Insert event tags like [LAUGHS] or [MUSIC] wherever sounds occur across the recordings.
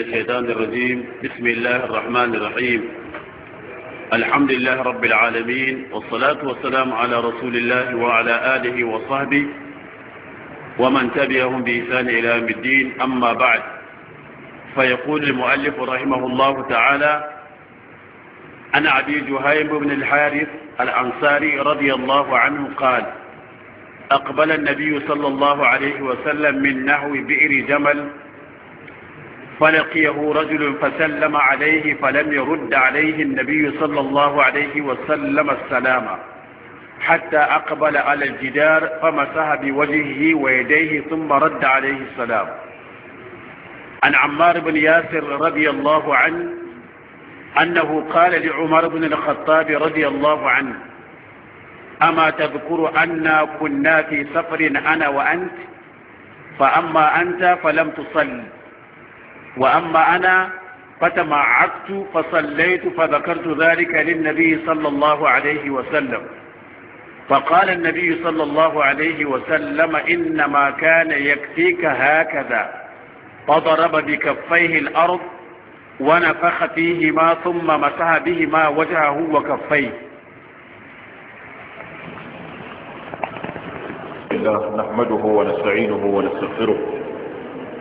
الشيطان الرجيم بسم الله الرحمن الرحيم الحمد لله رب العالمين والصلاة والسلام على رسول الله وعلى آله وصحبه ومن تبعهم بإسان إلى يوم الدين أما بعد فيقول المؤلف رحمه الله تعالى عن عبد جهيم بن الحارث الأنصاري رضي الله عنه قال أقبل النبي صلى الله عليه وسلم من نحو بئر جمل فلقيه رجل فسلم عليه فلم يرد عليه النبي صلى الله عليه وسلم السلام حتى أقبل على الجدار فمسح بوجهه ويديه ثم رد عليه السلام عن عمار بن ياسر رضي الله عنه أنه قال لعمر بن الخطاب رضي الله عنه أما تذكر أن كنا في سفر أنا وأنت فأما أنت فلم تصلي وأما أنا فتمعكت فصليت فذكرت ذلك للنبي صلى الله عليه وسلم فقال النبي صلى الله عليه وسلم إنما كان يكفيك هكذا فضرب بكفيه الأرض ونفخ فيهما ثم مسح بهما وجهه وكفيه الله نحمده ونستعينه ونستغفره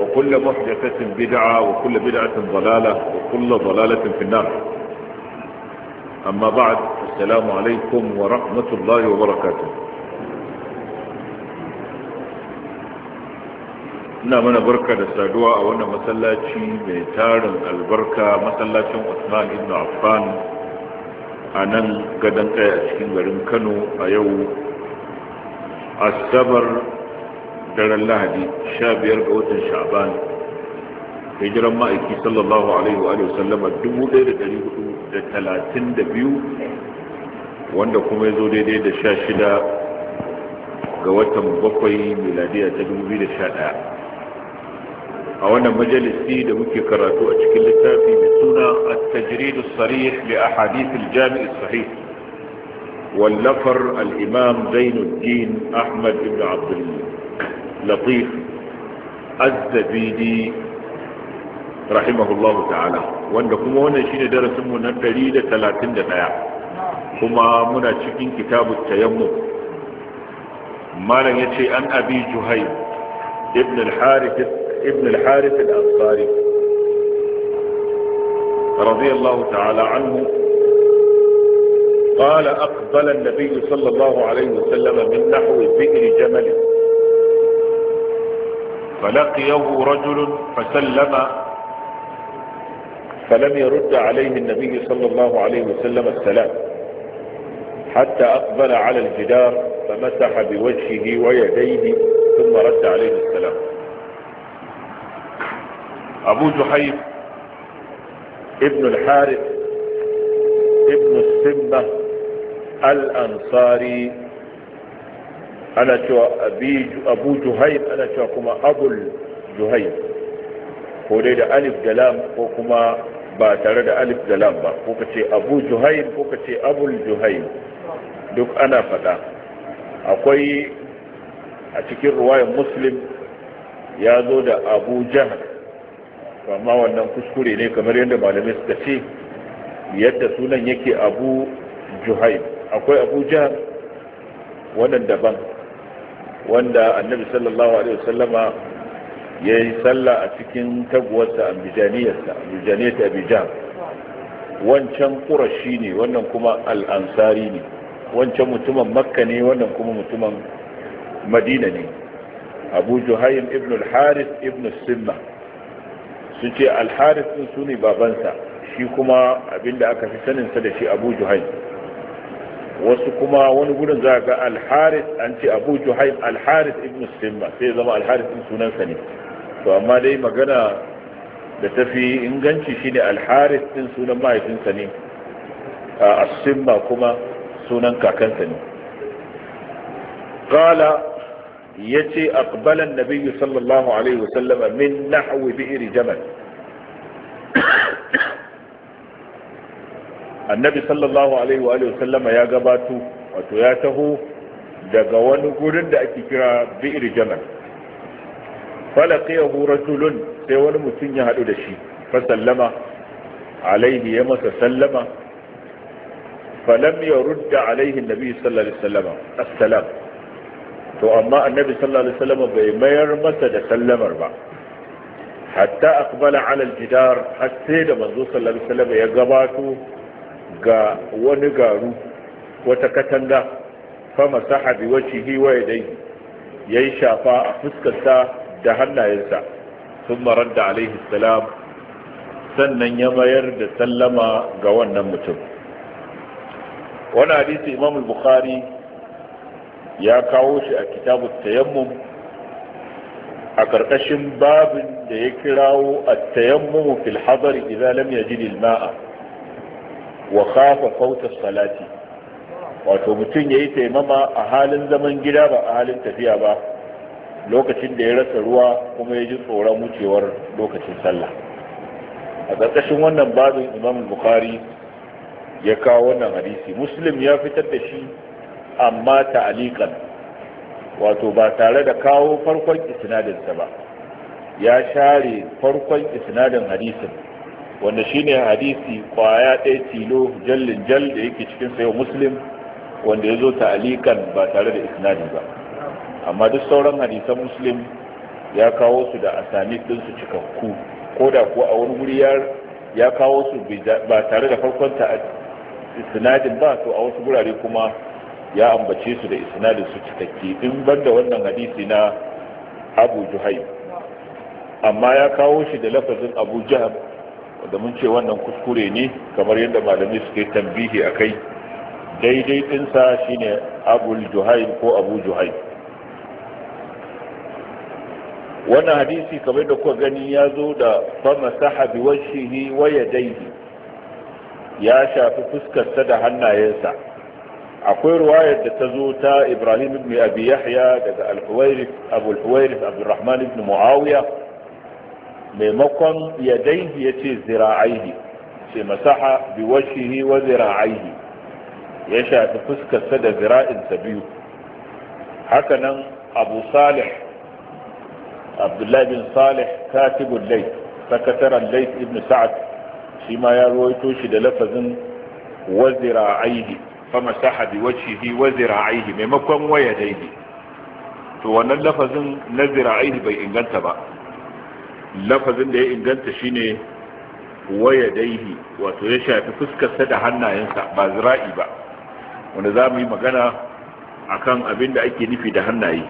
وكل محدثة بدعة وكل بدعة ضلالة وكل ضلالة في النار أما بعد السلام عليكم ورحمة الله وبركاته إن من بركة السادوة وإن مسلاتي بيتار البركة مسلاتي عثمان بن عفان أنا قد أشكين ورمكنو أيو السبر daren lahadi sha biyar ga watan sha'ban hijiran ma'aiki sallallahu alaihi wa sallama biyu, wanda kuma ya zo daidai da sha shida ga watan bakwai miladiya ta ɗaya. a wannan majalisi da muke karatu a cikin littafi mai suna at-tajridu sarih li ahadith al-jami' as-sahih wallafar al-imam Zainuddin Ahmad ibn Abdul لطيف الزبيدي رحمه الله تعالى وانكم هنا شيء من نبري لثلاثين دقيا كما منا شكين كتاب التيمم ما لن يتشي أن أبي جهيد ابن الحارث ابن الحارث الأنصاري رضي الله تعالى عنه قال أقبل النبي صلى الله عليه وسلم من نحو بئر جمله فلقيه رجل فسلم فلم يرد عليه النبي صلى الله عليه وسلم السلام حتى أقبل على الجدار فمسح بوجهه ويديه ثم رد عليه السلام أبو جحيم ابن الحارث ابن السمة الأنصاري ana cewa abu juhaim ana cewa kuma abul juha'i ko dai da alif da lam ko kuma ba tare da alif da lam ba ko kace abu juha'i ko kace abul juha'i duk ana fada akwai a cikin ruwayar muslim ya zo da abu jahar amma wannan kuskure ne kamar yadda malamai suka ce yadda sunan yake abu juha'i akwai abu jahar wannan daban wanda annabi sallallahu alaihi wasallama ya yi sallah a cikin taguwarsa abijaniyarsa abijaniyar abijan wancan ƙurashi ne wannan kuma al'ansari ne wancan mutumin makka ne wannan kuma mutumin madina ne abu juhayin ibn al-haris ibn simma su ce al-haris sun su ne babansa shi kuma abinda aka fi saninsa da shi abu juhayin wasu kuma wani gudun za ga alharis an ce abu juhaim alharis ibn simma sai zama alharis din sunansa ne to amma dai magana da tafi inganci shine alharis din sunan mahaifinsa ne a simma kuma sunan kakansa ne qala yace aqbala an-nabiy sallallahu alaihi wasallam min nahwi bi'r jamal annabi sallallahu alaihi wa alihi sallama ya gabato wato ya taho daga wani gurin da ake kira bi'r jamal falaqiyahu rajulun sai wani mutum ya hadu da shi fa sallama alaihi ya masa sallama falam yarudda alaihi annabi sallallahu alaihi wasallama assalam to amma annabi sallallahu alaihi wasallama bai mayar masa da sallamar ba hatta aqbala ala aljidar har sai da manzo sallallahu alaihi wasallama ya gabato ga wani garu wata katanga fama sahabi wacce hiwa dai ya yi shafa a fuskarsa da hannayensa sun marar da alaihi salam sannan ya mayar da sallama ga wannan mutum wani hadisi imam bukhari ya kawo shi a kitabu tayammum a ƙarƙashin babin da ya kirawo a tayammumu fil idan lam yajid al-ma'a wa khafa salati wato mutum ya yi taimama a halin zaman gida ba a halin tafiya ba lokacin da ya rasa ruwa kuma ya ji tsoron wucewar lokacin sallah a ƙarƙashin wannan babin imam bukhari ya kawo wannan hadisi muslim ya fitar da shi amma ta'alikan wato ba tare da kawo farkon isnadinsa ba ya share farkon isnadin hadisin wanda shine hadisi kwaya ɗaya tilo jallin jal da yake cikin sayo muslim wanda ya zo ta'alikan ba tare da isnadi ba amma duk sauran hadisan muslim ya kawo su da asani ɗinsu cikakku ko da kuwa a wani wuri ya kawo su ba tare da farkon isnadin ba to a wasu gurare kuma ya ambace su da isnadin su cikakke in banda wannan hadisi na abu juhai amma ya kawo shi da lafazin abu jahab wanda mun ce wannan kuskure ne kamar yadda malami suke tambihi a kai daidai ɗinsa shine abul juhaim ko abu juhaim wannan hadisi kamar da kuka gani ya zo da fama sahabi ne waya daidai ya shafi fuskarsa da hannayensa akwai ruwayar da ta zo ta ibrahim ibn abi yahya daga al-huwairith abdurrahman ibn muawiya maimakon yadaihi ya ce zira'aihi ce masaha bi washihi wa zira'aihi ya shafi fuskarsa da zira'insa biyu hakanan abu salih abdullahi bin salih katibun lai sakataren lai ibn sa'ad shi ma ya ruwaito shi da lafazin wa zira'aihi fa masaha bi washihi wa zira'aihi maimakon wa yadaihi to wannan lafazin na zira'aihi bai inganta ba lafazin da ya inganta shine waya daihi wato ya shafi fuskarsa da hannayensa ba zira'i ba wanda za mu yi magana akan abin da ake nufi da hannaye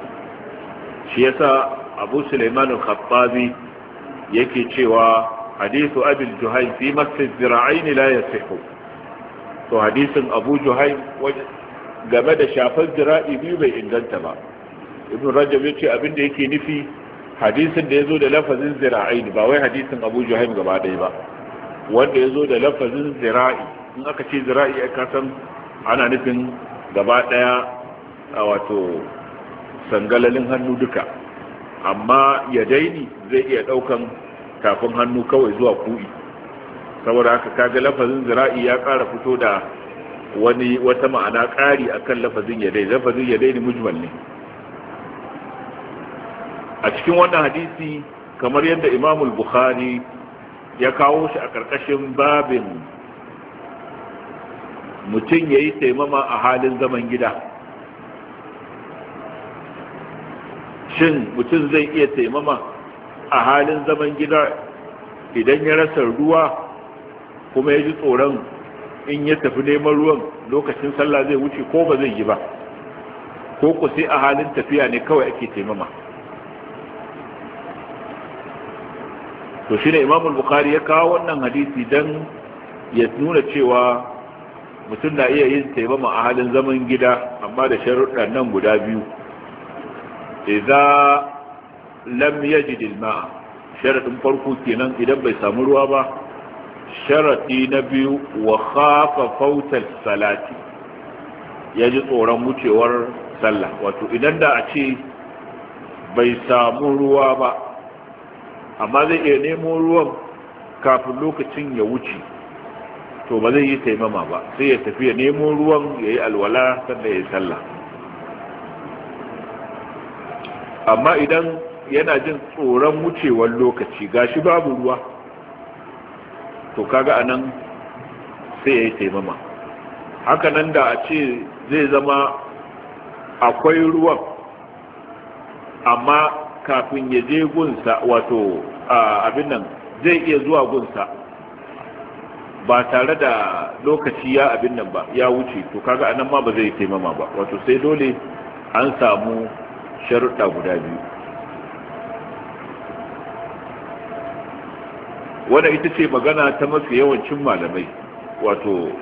shi yasa abu suleiman al-khattabi yake cewa hadisu abil juhaim fi masjid ne la yasihu to hadisin abu Juhain game da shafar zira'i biyu bai inganta ba ibn rajab yace abin da yake nufi hadisin da ya zo da lafazin zira'in ba wai hadisin abu juhaim gaba ɗaya ba wanda ya zo da lafazin zira'i in aka ce zira'i a kasan ana nufin gaba ɗaya a wato sangalalin hannu duka amma ya daini zai iya ɗaukan kafin hannu kawai zuwa ku'i saboda haka kaga lafazin zira'i ya ƙara fito da wani wata ma'ana ƙari akan lafazin ya daini lafazin ya daini mujmal ne a cikin wannan hadisi kamar yadda imamul bukhari ya kawo shi a ƙarƙashin babin mutum ya yi taimama a halin zaman gida shin mutum zai iya taimama a halin zaman gida idan ya rasa ruwa kuma ya ji tsoron in ya tafi neman ruwan lokacin sallah zai wuce ko ba zai yi ba ko ku sai a halin tafiya ne kawai ake taimama to shine imam al-bukhari ya kawo wannan hadisi dan ya nuna cewa mutum na iya yin taimama a halin zaman gida amma da sharuɗan nan guda biyu idza lam yajid al-ma'a farko kenan idan bai samu ruwa ba sharaɗi na biyu wa khafa fautar salati ji tsoron wucewar sallah wato idan da a ce bai samu ruwa ba amma zai iya nemo ruwan kafin lokacin ya wuce to ba zai yi taimama ba sai ya tafi ya nemo ruwan ya yi alwala sannan ya yi sallah amma idan yana jin tsoron wucewar lokaci gashi babu ruwa to kaga anan sai ya yi taimama haka da a ce zai zama akwai ruwan amma kafin ya je gunsa wato abin nan zai iya zuwa gunsa ba tare da lokaci ya abin nan ba ya wuce to kaga anan ma ba zai taimama ba wato sai dole an samu sharuɗa guda biyu wadda ita ce magana ta mafi yawancin malamai wato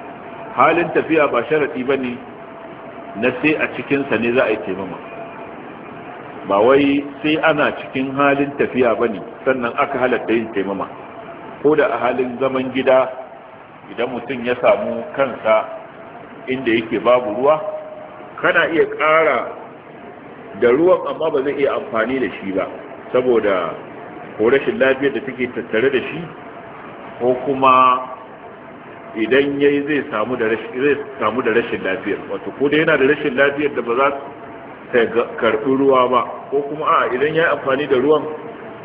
halin tafiya ba sharaɗi ba ne na sai a cikinsa ne za a yi taimama ba wai sai ana cikin halin tafiya ba ne sannan aka halatta yin taimama ko da a halin zaman gida idan mutum ya samu kansa inda yake babu ruwa kana iya ƙara da ruwan amma ba zai iya amfani da shi ba saboda ko rashin lafiyar da take tattare da shi ko kuma idan ya zai samu da rashin lafiyar wato ko da yana da rashin lafiyar da ba za ta karɓi ruwa ba ko kuma a idan ya yi amfani da ruwan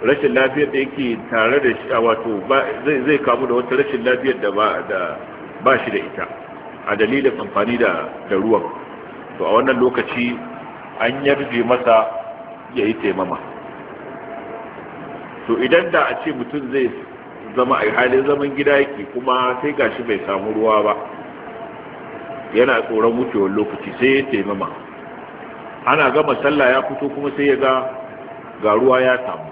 rashin lafiyar da yake tare da shi a wato zai kamu da wata rashin lafiyar da ba shi da ita a dalilin amfani da ruwan to a wannan lokaci an yarje masa ya yi taimama to idan da a ce mutum zai zama a halin zaman gida yake kuma sai gashi bai samu ruwa ba yana tsoron mutuwar lokaci sai ya taimama ana gama sallah ya fito kuma sai ya ga garuwa ya samu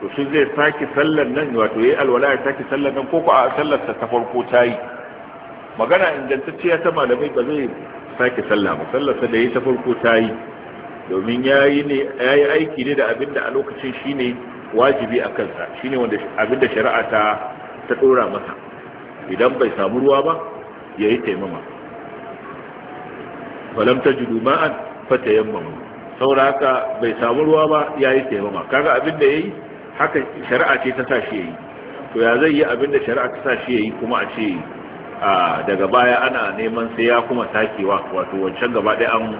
to shi zai saki sallar nan wato yayi alwala ya saki sallar nan ko ko a sallar sa ta farko ta yi magana ingantacciya ta malamai ba zai saki sallah ba sallar sa da yayi ta farko ta yi domin yayi ne yayi aiki ne da abinda a lokacin shine wajibi a kansa shine wanda abinda shari'a ta ta dora masa idan bai samu ruwa ba yayi taimama falam tajidu ma'an fata yammamu saboda haka bai samu ruwa ba ya yi taimama kaga abin da ya yi haka shari'a ce ta sa shi ya yi to ya zai yi abin da shari'a ta sa shi ya yi kuma a ce daga baya ana neman sai ya kuma sakewa wato wancan gaba ɗaya an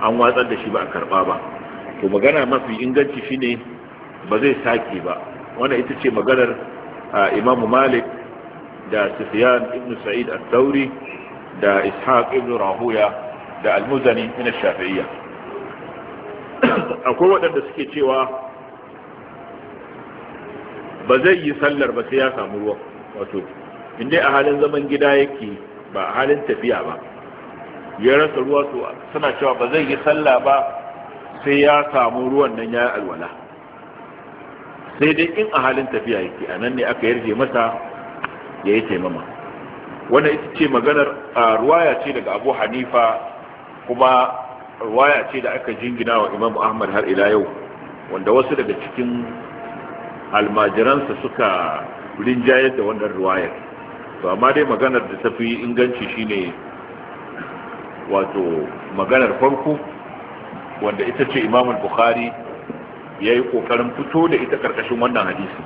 an watsar da shi ba a karɓa ba to magana mafi inganci shine ba zai sake ba wannan ita ce maganar Imam malik da sufyan ibn sa'id al-thawri da ishaq ibn rahuya da almuzani min shafi'iyya akwai waɗanda suke cewa ba zai yi sallar ba sai ya samu ruwa wato inda a halin zaman gida yake ba a halin tafiya ba ya rasa ruwa to suna cewa ba zai yi sallah ba sai ya samu ruwan nan ya yi alwala sai dai in a halin tafiya yake a nan ne aka yarje masa ya yi taimama wanda ita ce maganar ruwaya ce daga abu hanifa kuma ruwaya ce da aka jingina wa imamu ahmad har ila yau wanda wasu daga cikin almajiransa suka rinjayar da wannan ruwayar to amma dai maganar da tafi inganci shine wato maganar farko wanda ita ce imamul bukhari ya yi kokarin fito da ita karkashin wannan hadisi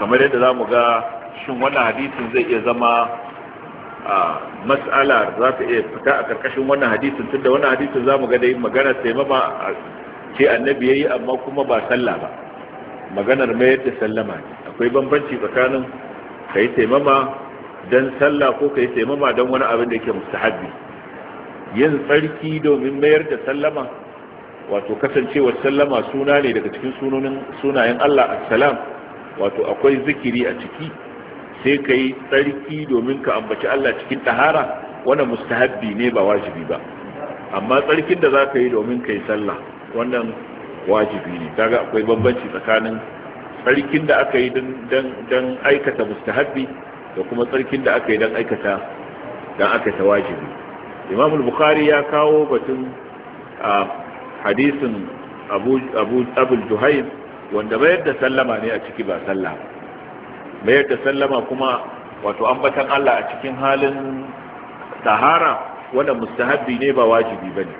kamar yadda za mu ga shin wannan hadisin zai iya zama mas'ala za ta iya fita a karkashin wannan hadisin tunda wannan hadisin za mu gada dai magana taimama ce annabi yi, amma kuma ba sallah ba maganar mayar da sallama ne. akwai bambanci tsakanin kai taimama dan sallah ko kai taimama dan wani abin da yake mustahabi yin tsarki domin mayar da sallama wato kasancewa sallama suna ne daga cikin sunonin sunayen Allah assalam wato akwai zikiri a ciki sai ka yi tsarki domin ka ambaci Allah cikin tahara wannan mustahabbi ne ba wajibi ba amma tsarkin da za ka yi domin ka yi sallah wannan wajibi ne kaga akwai bambanci tsakanin tsarkin da aka yi don aikata mustahabbi da kuma tsarkin da aka yi don aikata don aikata wajibi imam bukhari ya kawo batun a hadisin abu abul juhaim wanda bayar da sallama ne a ciki ba sallah Mai yadda sallama kuma wato ambatan Allah a cikin halin tahara wannan mustahabbi ne ba wajibi ba ne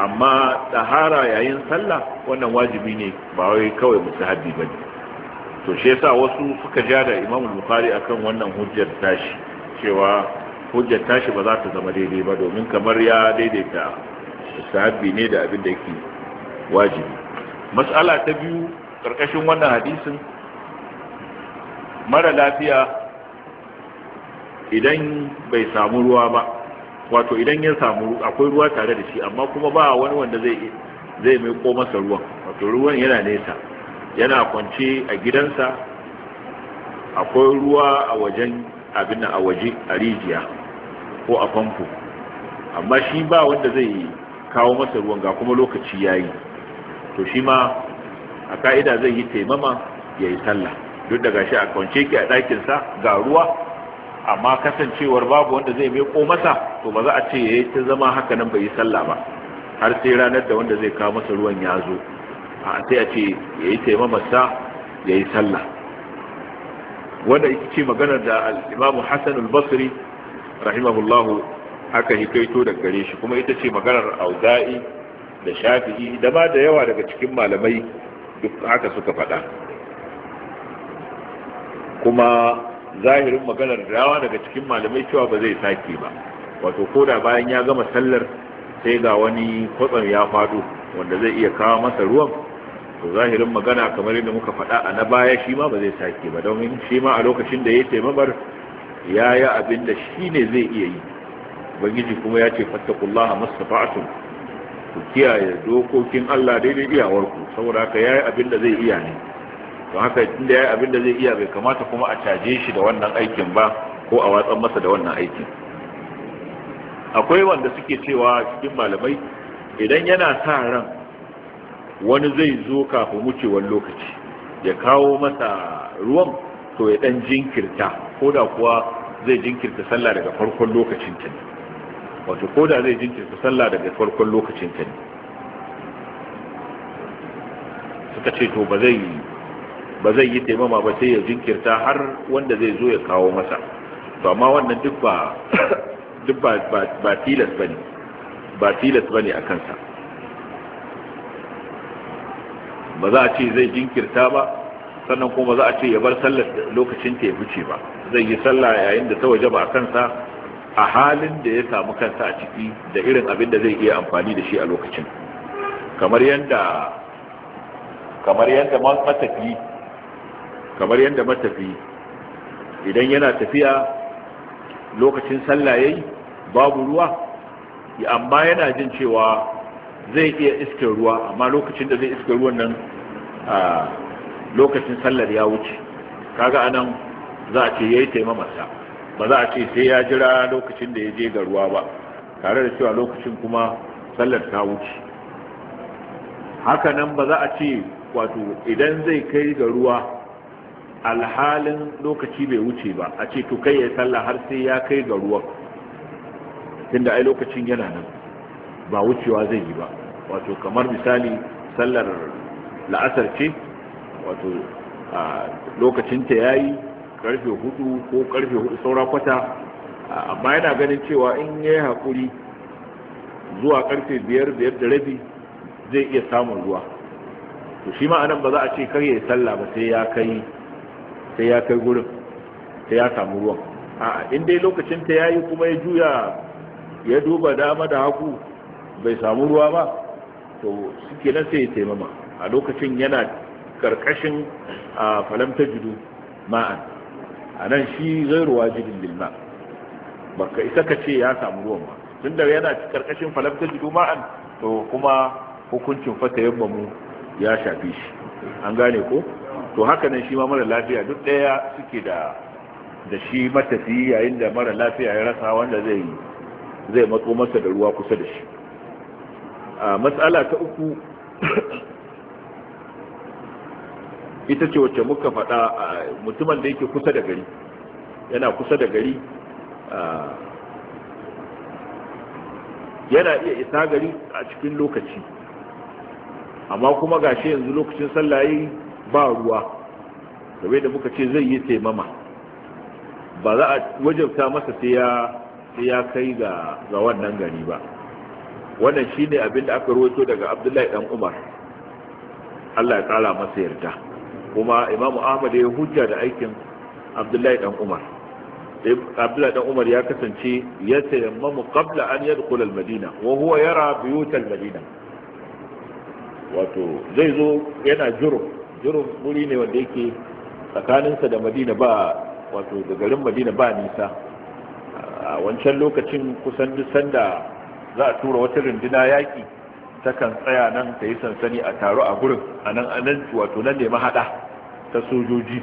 amma tahara yayin sallah wannan wajibi ne ba wai kawai mustahabbi ba ne to shi yasa wasu suka ja da imam bukhari akan wannan hujjar tashi cewa hujjar tashi ba za ta zama daidai ba domin kamar ya daidaita mustahabbi ne da abin da yake wajibi mas'ala ta biyu karkashin wannan hadisin mara lafiya idan bai samu ruwa ba wato idan ya samu akwai ruwa tare da shi amma kuma ba wani wanda zai zai mai ko masa ruwan wato ruwan yana nesa yana kwance a gidansa akwai ruwa a wajen abin a waje a rijiya ko a famfo amma shi ba wanda zai kawo masa ruwan ga kuma lokaci yayi to shi ma a ka'ida zai yi taimama ya yi sallah duk da gashi a kwance ki a ɗakinsa ga ruwa amma kasancewar babu wanda zai mai ko masa to ba za a ce yayi ta zama haka nan bai yi sallah ba har sai ranar da wanda zai kawo masa ruwan ya zo a sai a ce ya yi taimamarsa ya yi sallah wanda ita ce maganar da al'imamu hassan al-basri rahimahullahu aka hikaito da gare shi kuma ita ce maganar auza'i da shafi'i da ma da yawa daga cikin malamai duk haka suka faɗa kuma zahirin maganar rawa daga cikin malamai cewa ba zai sake ba wato ko da bayan ya gama sallar sai ga wani kwatsam ya faɗo wanda zai iya kawo masa ruwan to zahirin magana kamar yadda muka faɗa a na baya shi ma ba zai sake ba domin shi ma a lokacin da ya taimabar ya yi abin da shi ne zai iya yi ubangiji kuma ya ce fattakullaha mastata'tum ku kiyaye dokokin Allah daidai iyawarku saboda haka yayi abin da zai iya ne don haka inda ya yi abin da zai iya bai kamata kuma a caje shi da wannan aikin ba ko a watsan masa da wannan aikin akwai wanda suke cewa cikin malamai idan yana sa ran wani zai zo kafin wucewar lokaci ya kawo masa ruwan to ya dan jinkirta ko da kuwa zai jinkirta sallah daga farkon lokacin ta ne wato ko da zai jinkirta sallah daga farkon lokacin ta ne suka ce to ba zai ba zai yi taimama ba sai ya jinkirta har wanda zai zo ya kawo masa to amma wannan duk ba [COUGHS] duk ba ba tilas bane ba tilas bane a kansa ba za a ce zai jinkirta ba sannan kuma za a ce ya bar sallar lokacin ta ya fice ba zai yi sallah yayin da ta waje ba a kansa a halin da ya samu kansa a ciki da irin abin da zai iya amfani da shi a lokacin kamar yadda kamar matafi kamar yadda matafi idan yana tafiya lokacin sallah yayi babu ruwa amma yana jin cewa zai iya iskar ruwa amma lokacin da zai iskar ruwan nan a lokacin sallar ya wuce kaga anan za a ce yayi taimamarsa ba za a ce sai ya jira lokacin da ya je ga ruwa ba tare da cewa lokacin kuma sallar ta wuce haka nan ba za a ce wato idan zai kai ga ruwa alhalin lokaci bai wuce ba a ce to kai ya sallah har sai ya kai ga ruwan tunda ai lokacin yana nan ba wucewa zai yi ba wato kamar misali sallar la'asar ce wato lokacinta ya yi karfe hudu ko karfe hudu saura kwata amma yana ganin cewa in ya yi haƙuri zuwa karfe biyar biyar da rabi zai iya samun ruwa to shi ma'anan ba za a ce kar ya yi sallah ba sai ya kai sai ya kai gurin sai ya samu ruwan a in dai lokacin ta yayi kuma ya juya ya duba dama da haku bai samu ruwa ba to suke nan sai ya taimama a lokacin yana karkashin a ta judu ma'an a nan shi zai ruwa jirin ba baka isa ka ce ya samu ruwan ba tun da yana karkashin ta judu ma'an to kuma hukuncin fata yamma mu ya shafi shi an gane ko to haka ne shi ma mara lafiya duk ɗaya suke da da shi matafi yayin da mara lafiya ya rasa wanda zai zai matso masa da ruwa kusa da shi a matsala ta uku [CLEARS THROAT] ita ce wacce muka faɗa mutumin da yake kusa da gari yana kusa da gari yana iya isa gari a cikin lokaci amma kuma gashi yanzu lokacin sallaye ba ruwa game da muka ce zai yi taimama ba za a wajabta masa sai ya kai ga wannan gari ba wannan shi ne abin da aka rawaito daga abdullahi dan umar allah ya tsara masa yarda kuma imamu ahmad ya hujja da aikin abdullahi dan umar abdullahi dan umar ya kasance ya mu kabla an yadda kulal madina wa huwa yara madina wato zai zo yana jiro jurhum wuri ne wanda yake tsakaninsa da madina ba wato da garin madina ba nisa a wancan lokacin kusan duk sanda za a tura wata runduna yaƙi takan tsaya nan ta yi sansani a taro a gurin a nan anan wato nan ne mahaɗa ta sojoji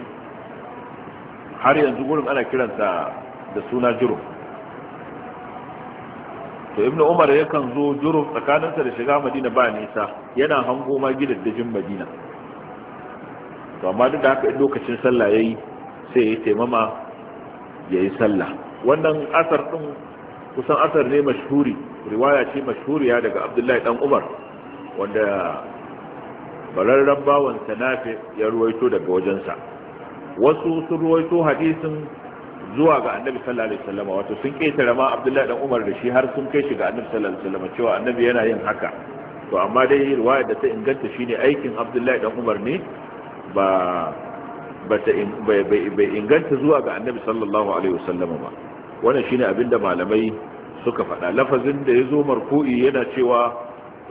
har yanzu gurin ana kiransa da suna jurhum to ibn umar yakan zo jurhum tsakaninsa da shiga madina ba nisa yana hango ma gidaddajin madina to amma duk da haka in lokacin sallah yayi sai ya taimama yayi sallah wannan asar din kusan asar ne mashhuri riwaya ce mashhuriya daga abdullahi dan umar wanda bararren bawan sanafi ya ruwaito daga wajensa wasu sun ruwaito hadisin zuwa ga annabi sallallahu alaihi wasallam wato sun ketare ma abdullahi dan umar da shi har sun kai shi ga annabi sallallahu alaihi wasallam cewa annabi yana yin haka to amma dai riwaya da ta inganta shine aikin abdullahi dan umar ne ba bai inganta zuwa ga annabi sallallahu alaihi wasallam ba wannan shine abinda malamai suka faɗa lafazin da ya zo marku'i yana cewa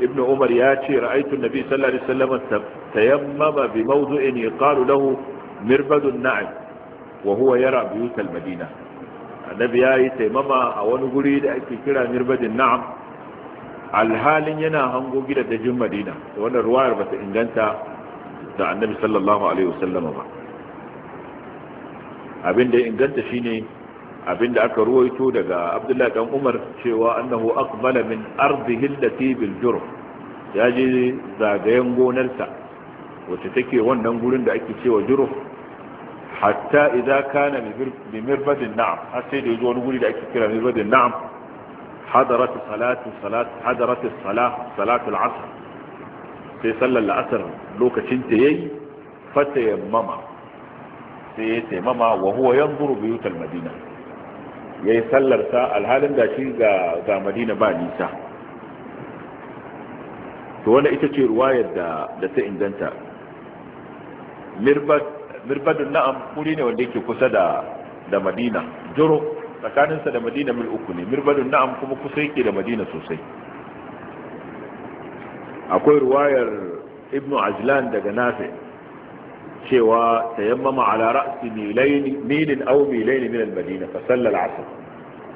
ibn umar ya ce ra'aytu nabi sallallahu alaihi wasallam tayammama bi mawdu'in yuqalu lahu mirbadun na'im wa huwa yara biyut al-madina annabi yi tayammama a wani guri da ake kira mirbadun na'am alhalin yana hango gidajen madina wannan ruwayar bata inganta da annabi sallallahu alaihi wasallama ba abinda ya inganta shine abinda aka ruwaito daga abdullahi dan umar cewa annahu aqbala min ardihi allati bil jurf ya je zagayen gonarsa wacce take wannan gurin da ake cewa jurf hatta idza kana bi mirbadin na'am har sai da yazo wani guri da ake kira mirbadin na'am hadarat salatu salat hadarat salah salatu al-asr sai sallar la'asar lokacin ta yayi fata mama, sai ya taimama wa huwa yanzuru buyutal madina yayi sallar sa alhalin da shi ga madina ba nisa to wanda ita ce ruwayar da ta inganta mirbadun na'am kuri ne wanda yake kusa da da madina juro tsakaninsa da madina mil uku ne mirbadun na'am kuma kusa yake da madina sosai akwai ruwayar ibnu ajlan daga nafi cewa tayammama ala ra'si milayn milin aw milayn min al-madina fa salla al-'asr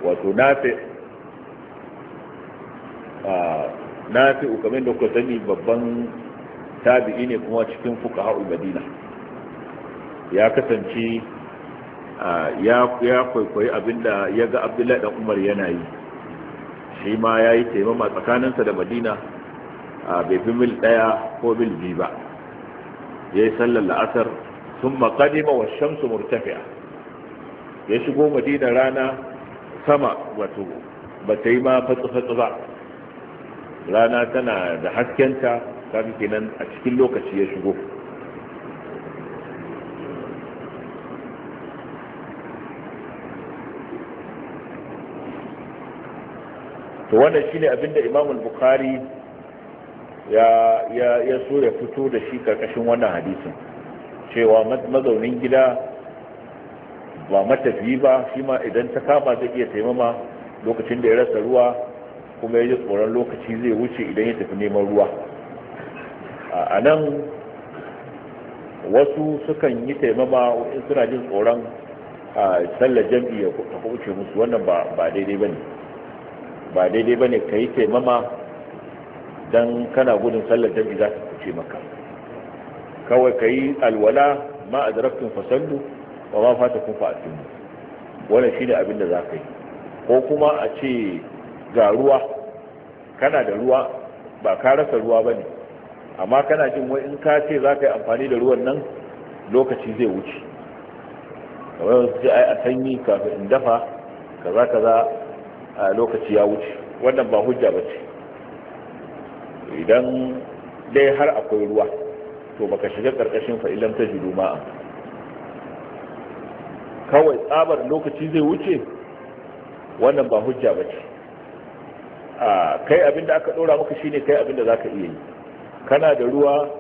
wato nafi nafi da kuka sani babban tabi'i ne kuma cikin fuqaha al-madina ya kasance ya kwaikwayi abinda ya ga abdullahi dan umar yana yi shi ma yayi yi taimama tsakaninsa da madina bai fi mil ɗaya ko mil biyu ba ya yi sallar la'asar sun maƙadima wa shamsu murtafiya ya shigo madina rana sama wato ba ta yi ma fatsa-fatsa ba rana tana da haskenta kan kenan a cikin lokaci ya shigo to wannan shine abinda imam al-bukhari ya so ya fito da shi karkashin wannan hadisin cewa mazaunin gida ba matafi ba shi ma idan ta kama zai iya taimama lokacin da ya rasa ruwa kuma ya ji tsoron lokaci zai wuce idan ya tafi neman ruwa a nan wasu sukan yi taimama in suna jin tsoron sallar jam'i ya wuce musu wannan ba daidai ba ne ba daidai ba ne ka yi taimama dan kana gudun sallar jami'i za ta kuce maka kawai ka yi alwala ma a daraktun fasallu ba ma fata kun fa'atun wannan shi ne abin da za ka yi ko kuma a ce ga ruwa kana da ruwa ba ka rasa ruwa ba ne amma kana jin wai in ka ce za ka yi amfani da ruwan nan lokaci zai wuce kamar wasu ce ai a sanyi kafin in dafa kaza kaza a lokaci ya wuce wannan ba hujja ba ce idan dai har akwai ruwa to baka shiga karkashin fa'ilan ta jiru ma'a kawai tsabar lokaci zai wuce wannan ba hujja ba ce a kai abinda aka dora maka shine kai abinda za ka iya yi kana da ruwa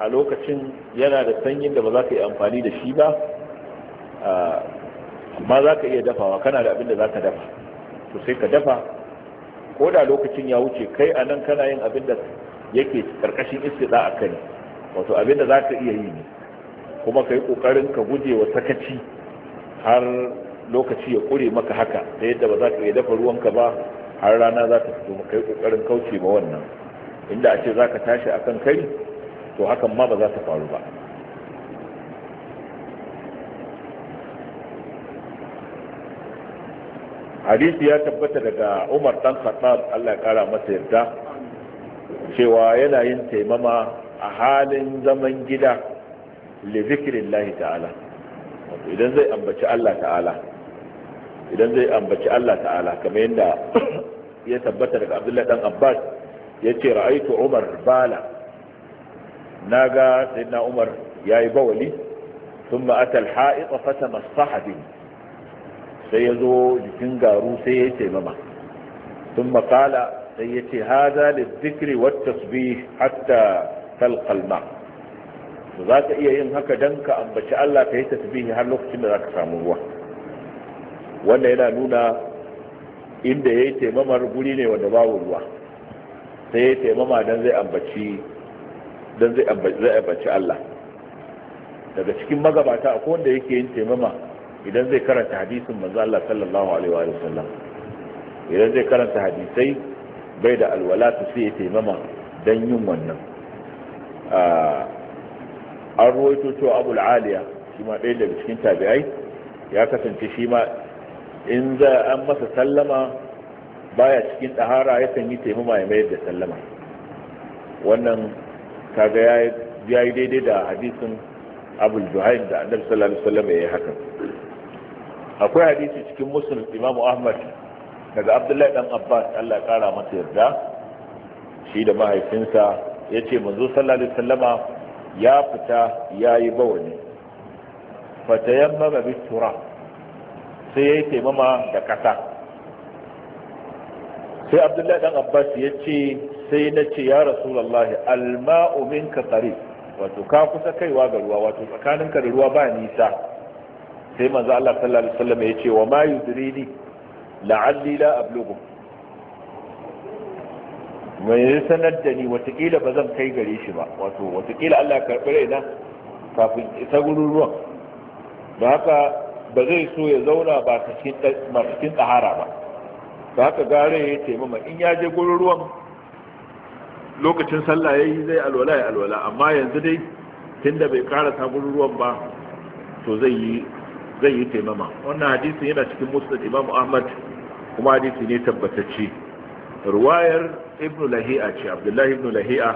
a lokacin yana da sanyin da ba za ka yi amfani da shi ba amma za ka iya dafawa kana da abinda za ka dafa to sai ka dafa ko da lokacin ya wuce kai a nan kana yin abin da yake karkashin istida a kai wato abin da za ka iya yi ne kuma ka kokarin ka guje wa sakaci har lokaci ya ƙure maka haka da yadda ba za ka iya dafa ruwanka ba har rana za ka fito ka yi kauce ma wannan inda a ce za ka tashi akan kai to hakan ma ba za ta faru ba hadisi ya tabbata daga umar dan khattab Allah ya kara masa yarda cewa yana yin taimama a halin zaman gida li zikrillahi ta'ala wato idan zai ambaci Allah ta'ala idan zai ambaci Allah ta'ala kamar yadda [CLEARS THROAT] ya tabbata daga Abdullah dan Abbas yace ra'aitu Umar bala naga sayyidina Umar yayi bawali thumma ata al-ha'iqa fatamassaha bihi sai ya zo jikin garu sai ya ce mama sun makala sai ya ce haza da zikiri wata su bi hatta kalkalma za ka iya yin haka don ka ambaci Allah ka yi tasbihi har lokacin da za ka samu ruwa wanda yana nuna inda ya yi taimamar guri ne wanda babu ruwa sai ya yi taimama don zai ambaci don zai ambaci Allah daga cikin magabata a wanda yake yin taimama idan zai karanta hadisin manzo Allah sallallahu alaihi wa sallam idan zai karanta hadisai bai da alwala ta sai ya taimama dan yin wannan an ruwaito cewa aliya shi ma ɗaya daga cikin tabi'ai ya kasance shi ma in za an masa sallama baya cikin ɗahara yakan yi taimama ya mayar da sallama wannan kaga ya yi daidai da hadisin abul da annabi sallallahu alaihi wasallam ya yi hakan akwai hadisi cikin muslim imamu ahmad daga abdullahi dan abbas allah kara masa yarda shi da mahaifinsa ya ce manzo sallallahu alaihi wasallama ya fita ya yi bawani fatayammama bitura sai ya yi taimama da kasa sai abdullahi dan abbas ya ce sai na ce ya rasulallah alma'u minka qarib wato ka kusa kaiwa ga ruwa wato tsakaninka da ruwa ba nisa sai manzo Allah sallallahu alaihi wasallam ya ce wa ma yudrini la'alli la ablugu mai sanar da ni watakila ba zan kai gare shi ba wato watakila Allah karɓi raina kafin isa gurin ruwan haka ba zai so ya zauna ba cikin tsahara ba Ba haka gare ya ce mama in ya je gurin ruwan lokacin sallah ya yi zai alwala ya alwala amma yanzu dai tunda bai karasa gurin ruwan ba to zai yi zai yi taimama wannan hadisin yana cikin musnad imam ahmad kuma hadisi ne tabbatacce ruwayar ibn lahi'a ce abdullahi ibn lahi'a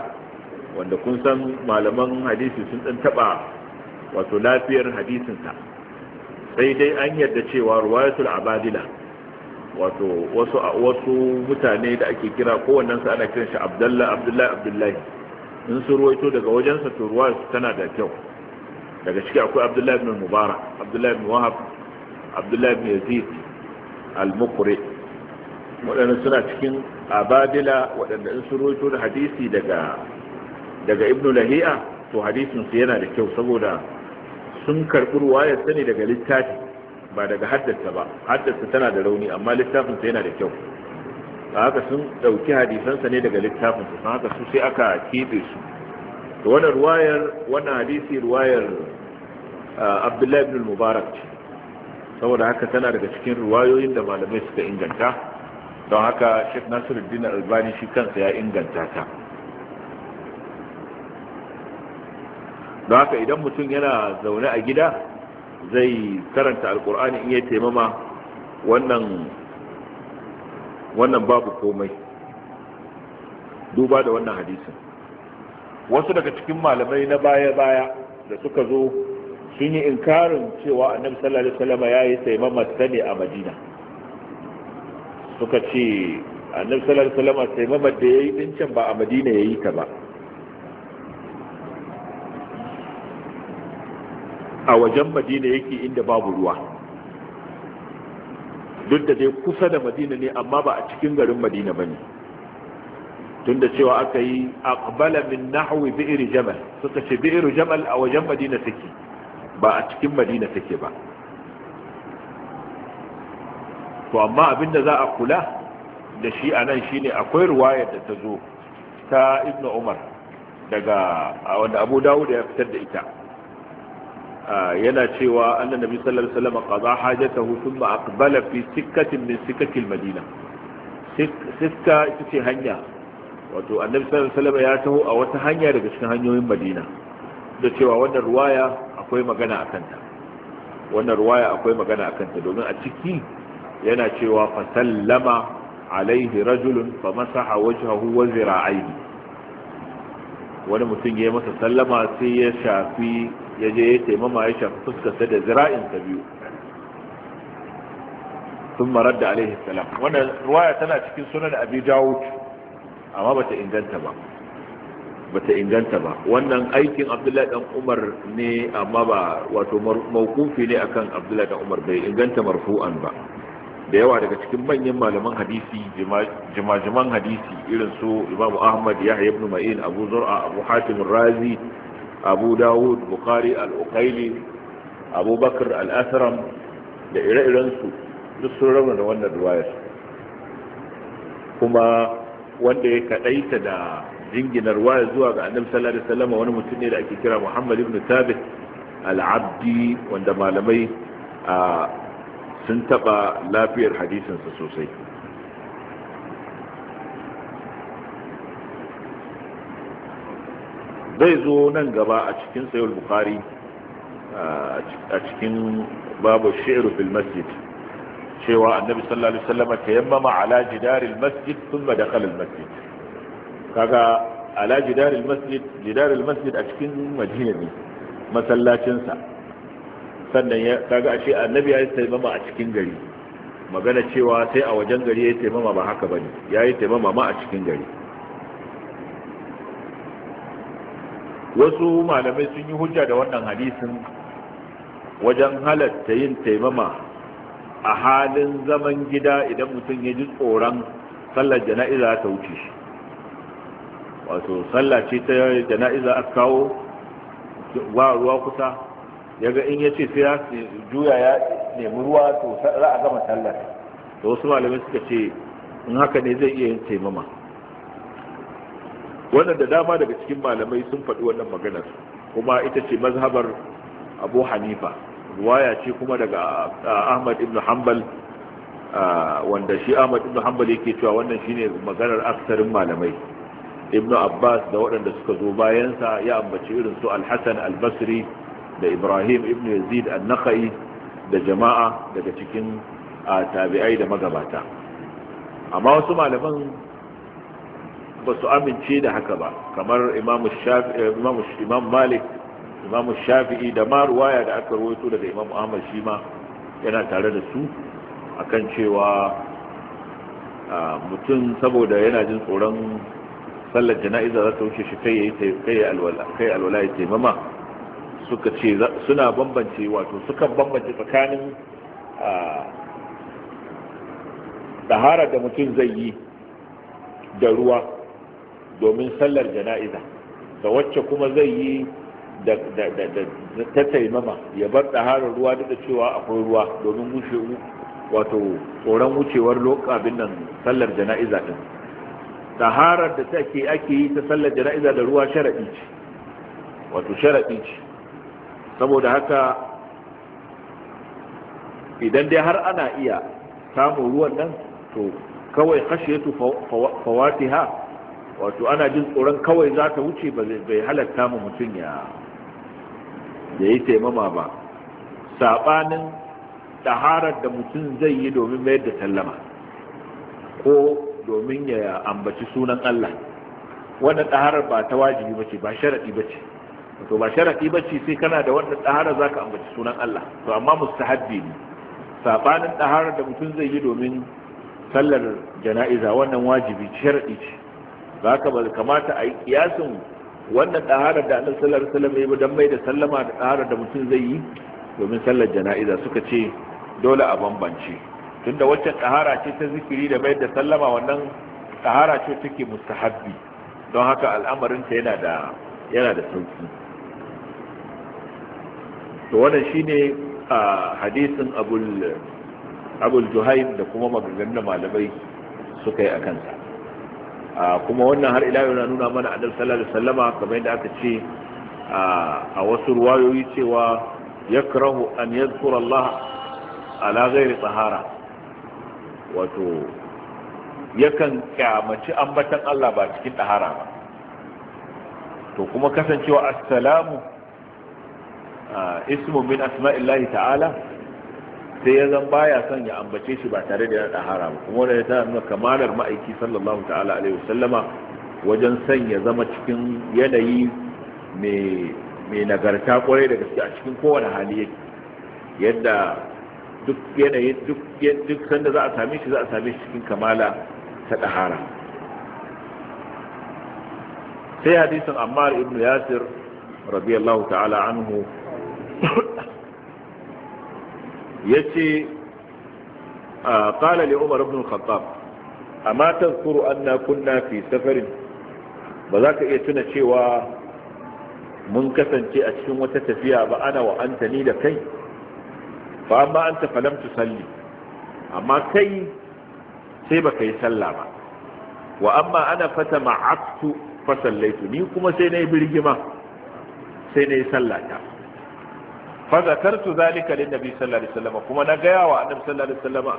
wanda kun san malaman hadisi sun dan taba wato lafiyar hadisinsa sai dai an yadda cewa ruwayatul abadila wato wasu wasu mutane da ake kira kowannen su ana kiran shi abdullahi abdullah abdullahi in su ruwaito daga wajensa to ruwayar tana da kyau daga ciki akwai abdullahi ibn mubarak abdullahi ibn wahab abdullahi ibn yazid al-muqri waɗanda suna cikin abadila waɗanda in surutu da hadisi daga daga ibn lahiya to hadisin su yana da kyau saboda sun karɓi ruwayar sani daga littafi ba daga haddasa ba haddasa tana da rauni amma littafin yana da kyau a haka sun ɗauki hadisansa ne daga littafin su haka su sai aka keɓe su Wani ruwayar hadisi ruwayar uh, abdullahi ibn mubarak ce saboda haka tana daga cikin ruwayoyin da malamai suka inganta don haka Nasiru nasiruddin albani shi kansa ya inganta ta don haka idan mutum yana zaune a gida zai karanta alkur'ani in ya taimama wannan wannan babu komai duba da wannan hadisin wasu daga cikin malamai na baya-baya da suka zo sun yi inkarin cewa annabi sallallahu alaihi wasallam ya yi taimama ne a madina suka ce annabi sallallahu alaihi wasallam taimama da ya yi dincin ba a madina ya yi ta ba a wajen madina yake inda babu ruwa duk da dai kusa da madina ne amma ba a cikin garin madina ba ne tunda cewa aka yi aqbala min nahwi bi'iri jamal, suka ce bi'r jamal a wajen madina take ba a cikin madina take ba to amma abinda za a kula da shi anan shine akwai ruwayar da ta zo ta ibnu umar daga wanda abu dawud ya fitar da ita yana cewa annabi sallallahu alaihi wasallam qada hajatahu thumma aqbala fi sikkatin min sikkati madina sikka ita ce hanya wato annabi sallallahu alaihi ya taho a wata hanya daga cikin hanyoyin madina da cewa wannan ruwaya akwai magana a kanta wannan ruwaya akwai magana a kanta domin a ciki yana cewa fa sallama alaihi rajulun fa masaha wajhahu wa zira'aihi wani mutum ya masa sallama sai ya shafi ya je ya taimama ya shafi fuskarsa da zira'in ta biyu sun marar da alaihi salam wannan ruwaya tana cikin sunan abi dawud amma bata inganta ba bata inganta ba wannan aikin abdullahi dan umar ne amma ba wato maukufi ne akan abdullahi dan umar bai inganta marfu'an ba da yawa daga cikin manyan malaman hadisi jima-jiman hadisi irin su imamu ahmad yahya ibn ma'in abu zur'a abu hatim razi abu dawud bukari al-uqaili abu bakr al-asram da ire-irensu duk sun rauna da wannan riwayar kuma wanda ya kadaita da jinginar waya zuwa ga annabi sallallahu alaihi wasallam wani mutum ne da ake kira Muhammad ibn Thabit al-Abdi wanda malamai sun taba lafiyar hadisinsa sosai zai zo nan gaba a cikin sayyid bukhari a cikin babu shi'ru fil masjid cewa annabi sallallahu alaihi wasallam tayammama ala jidaril masjid thumma dakhala al masjid kaga ala jidaril masjid jidaril masjid a cikin madina ne masallacin sa sannan ya kaga ashe annabi yayi tayammama a cikin gari magana cewa sai a wajen gari yayi tayammama ba haka bane yayi tayammama ma a cikin gari wasu malamai sun yi hujja da wannan hadisin wajen halatta yin taimama a halin zaman gida idan mutum ya ji tsoron sallar jana'iza ta wuce shi wato sallah ce ta jana'iza a kawo ba ruwa kusa yaga in yace sai ya juya ya nemi ruwa to za a gama sallar to wasu malamai suka ce in haka ne zai iya yin taimama wannan da dama daga cikin malamai sun faɗi wannan maganar kuma ita ce mazhabar abu hanifa ruwaya ce kuma daga ahmad ibn hanbal wanda shi ahmad ibn hanbal yake cewa wannan shine maganar aksarin malamai ibn abbas da waɗanda suka zo bayansa ya ambaci irin su al-hasan al-basri da ibrahim ibn yazid an naqai da jama'a daga cikin tabi'ai da magabata amma wasu malaman ba su amince da haka ba kamar imam malik imam shafi'i da ma ruwaya da aka rawaito daga imam ahmad shi ma yana tare da su akan cewa mutum saboda yana jin tsoron sallar jana'iza za ta wuce shi kai yayi kai alwala ya taimama suka ce suna bambance wato suka bambance tsakanin dahara da mutum zai yi da ruwa domin sallar jana'iza da wacce kuma zai yi da ta taimama ya bar ɗaharar ruwa duk da cewa akwai ruwa domin wuce wato tsoron wucewar lokabin nan sallar jana'iza din ɗaharar da take ake yi ta sallar jana'iza da ruwa sharaɗi ce wato sharaɗi ce saboda haka idan dai har ana iya samun ruwan nan to kawai khashiyatu fawatiha wato ana jin tsoron kawai za ta wuce bai halatta mu mutum ya da yi taimama ba saɓanin taharar da mutum zai yi domin mayar da sallama ko domin ya ambaci sunan Allah wannan taharar ba ta wajibi bace ba sharadi bace to ba sharadi bace sai kana da wannan taharar zaka ambaci sunan Allah to amma mustahabbi ne saɓanin taharar da mutum zai yi domin sallar jana'iza wannan wajibi sharadi ce zaka ba kamata a yi kiyasin wannan ɗaharar da annabi sallallahu alaihi wasallam ya mai da sallama da ɗaharar da mutum zai yi domin sallar jana'iza suka ce dole a bambance tunda waccan ɗahara ce ta zikiri da mai da sallama wannan ɗahara ce take mustahabbi don haka al'amarinta yana da yana da sauki to wannan shine a hadisin abul abul juhaim da kuma maganganun malamai suka yi a kansa kuma wannan har ila yana nuna mana annabi sallallahu alaihi wasallama kamar yadda aka ce a wasu ruwayoyi cewa yakrahu an yadhkura Allah ala ghairi tsahara wato yakan kyamaci ambatan Allah ba cikin ɗahara ba to kuma kasancewa assalamu ismu min asma'illahi ta'ala sai ya zan baya son ya ambace shi ba tare da ya ɗahara ba kuma da ya ta nuna kamalar ma'aiki sallallahu ta'ala alaihi wasallama wajen son ya zama cikin yanayi mai nagarta kwarai da gaske a cikin kowane hali yake yadda duk yanayi duk sanda za a same shi za a same shi cikin kamala ta ɗahara sai hadisin ammar ibn yasir radiyallahu ta'ala anhu ce, a li umar ibn a matan amma tazkuru anna kunna fi safarin ba za ka iya tuna cewa mun kasance a cikin wata tafiya ba ana wa anta ni da kai an ba an tafalamtu salli, amma kai sai baka yi sallah ba wa amma ana fata ma'aktu fa ni kuma sai nayi birgima sai nayi sallata fa zakartu zalika lin nabi sallallahu alaihi wasallam kuma na gaya wa annabi sallallahu alaihi wasallam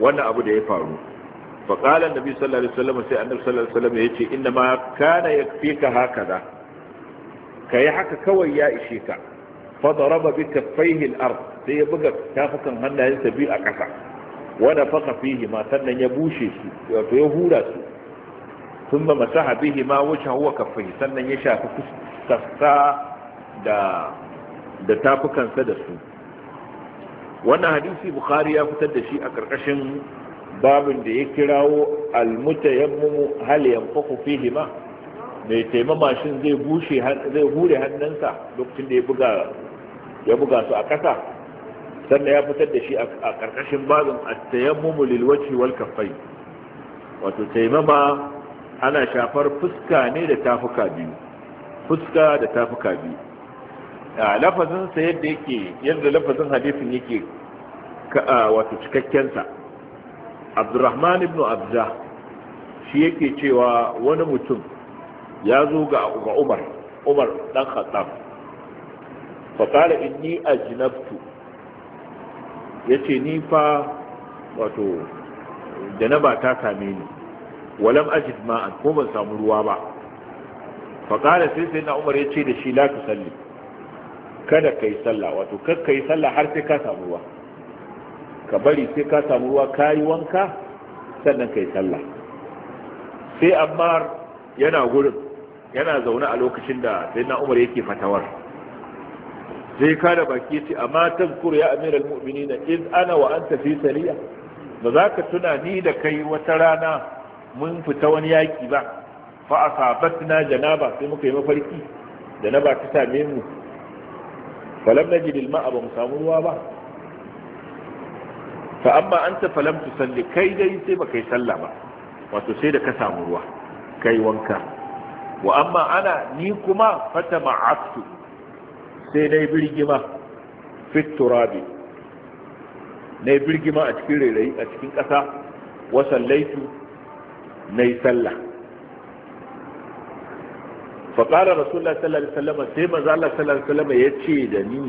wannan abu da ya faru fa qala annabi sallallahu alaihi wasallam sai annabi sallallahu alaihi wasallam yace inna ma kana yakfika hakaza kai haka kawai ya ishe ka fa daraba bi kaffaihi al-ard sai ya buga tafukan hannayensa biyu a ƙasa wa nafaka fihi ma sannan ya bushe su wato ya hura su bihi ma بهما وجهه وكفيه sannan ya shafi kusa da da tafukansa da su wannan hadisi bukhari ya fitar da shi a ƙarƙashin babin da ya kirawo almuta yammumu hal yanfaku fihi ma mai taimama shi zai bushe zai hure hannunsa lokacin da ya buga ya buga su a ƙasa sannan ya fitar da shi a ƙarƙashin babin a tayammumu lil wajhi wal kaffai wato taimama ana shafar fuska ne da tafuka biyu fuska da tafuka biyu lafazin sa yadda yake yadda lafazin hadisin yake wato cikakken sa Abdurrahman ibn abda shi yake cewa wani mutum ya zo ga Umar Umar dan Khattab fa qala inni ajnabtu yace ni fa wato janaba ta same ni walam ajid ma'an ko ban samu ruwa ba fa qala sai sai na Umar yace da shi la salli. kada ka yi sallah wato kar yi sallah har sai ka samu ruwa ka bari sai ka samu ruwa ka yi wanka sannan ka yi sallah sai ammar yana gurin yana zaune a lokacin da sai na umar yake fatawar sai ka da baki ce amma tazkur ya amiral na iz ana wa anta fi sariya ba za ka tuna ni da kai wata rana mun fita wani yaki ba fa asabatna janaba sai muka yi mafarki janaba ta same mu falam na jidil ma'a ba samu ruwa ba Ka amma an ta falam tu salli kai dai sai ba kai salla ba wato sai da ka samu ruwa kai wanka wa amma ana ni kuma fata ma'aftu sai yi birgima fit turabi na birgima a cikin rairayi a cikin ƙasa wasan sallaitu na yi sallah faƙara rasulullah sallallahu alaihi wasallam sai manzo Allah sallallahu alaihi wasallam ya ce da ni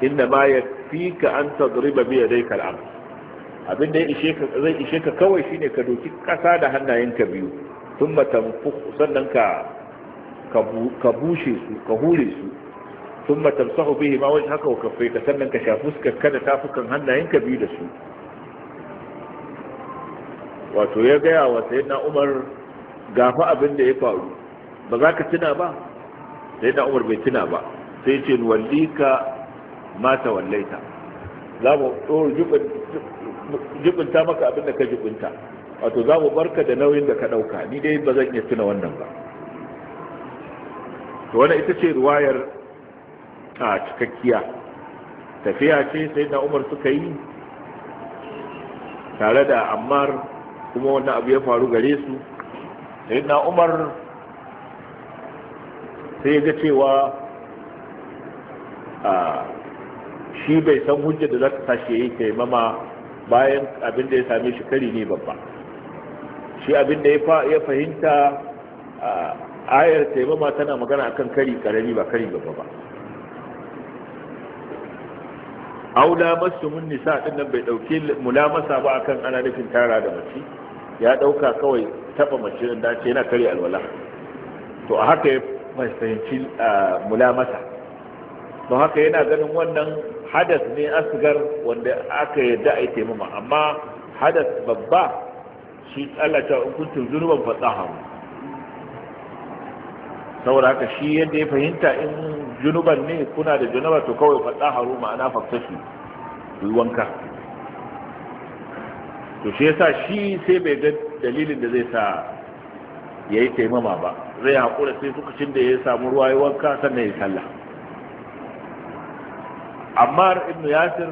inda ma ya yakfika an tadriba bi yadayka al-amr abin da ishe ka zai ishe ka kawai shine ka doki ƙasa da hannayenka biyu thumma tanfukhu sannan ka ka bushe su ka hure su thumma tamsahu bihi ma wajhaka wa kaffayka sannan ka shafi fuskarka da tafukan hannayenka biyu da su wato ya gaya wa sayyidina Umar gafa abin da ya faru ba za ka tuna ba sai da umar bai tuna ba sai ce ka mata wallaita za mu tsoro jibinta maka abin da ka jibinta wato za mu barka da nauyin da ka ɗauka ni dai ba zan iya tuna wannan ba to wani ita ce ruwayar a cikakkiya tafiya ce sai da umar suka yi tare da ammar kuma wannan abu ya faru gare su sai na umar sai ga cewa a shi bai san hujjar da za ta tashi yi taimama bayan abin da ya same shi kari ne babba shi abin da ya fahimta ayar taimama tana magana akan kari karami ba kari babba ba aula masu mun nisa din nan bai dauke mulamasa ba akan ana nufin tara da mace ya dauka kawai taba mace da ce yana kare alwala to a haka fahimci mulamata don haka yana ganin wannan hadas ne asgar wanda aka yadda a yi taimama amma hadas babba shi tsallata in kuntum zunuban fasaha saboda haka shi yadda ya fahimta in junuban ne kuna da junuba to kawai fasaha ma'ana faktashi yi wanka to shi yasa shi sai bai ga dalilin da zai sa ya yi taimama ba zai haƙura sai lokacin da ya samu ruwa ya wanka sannan ya sallah amma ibn yasir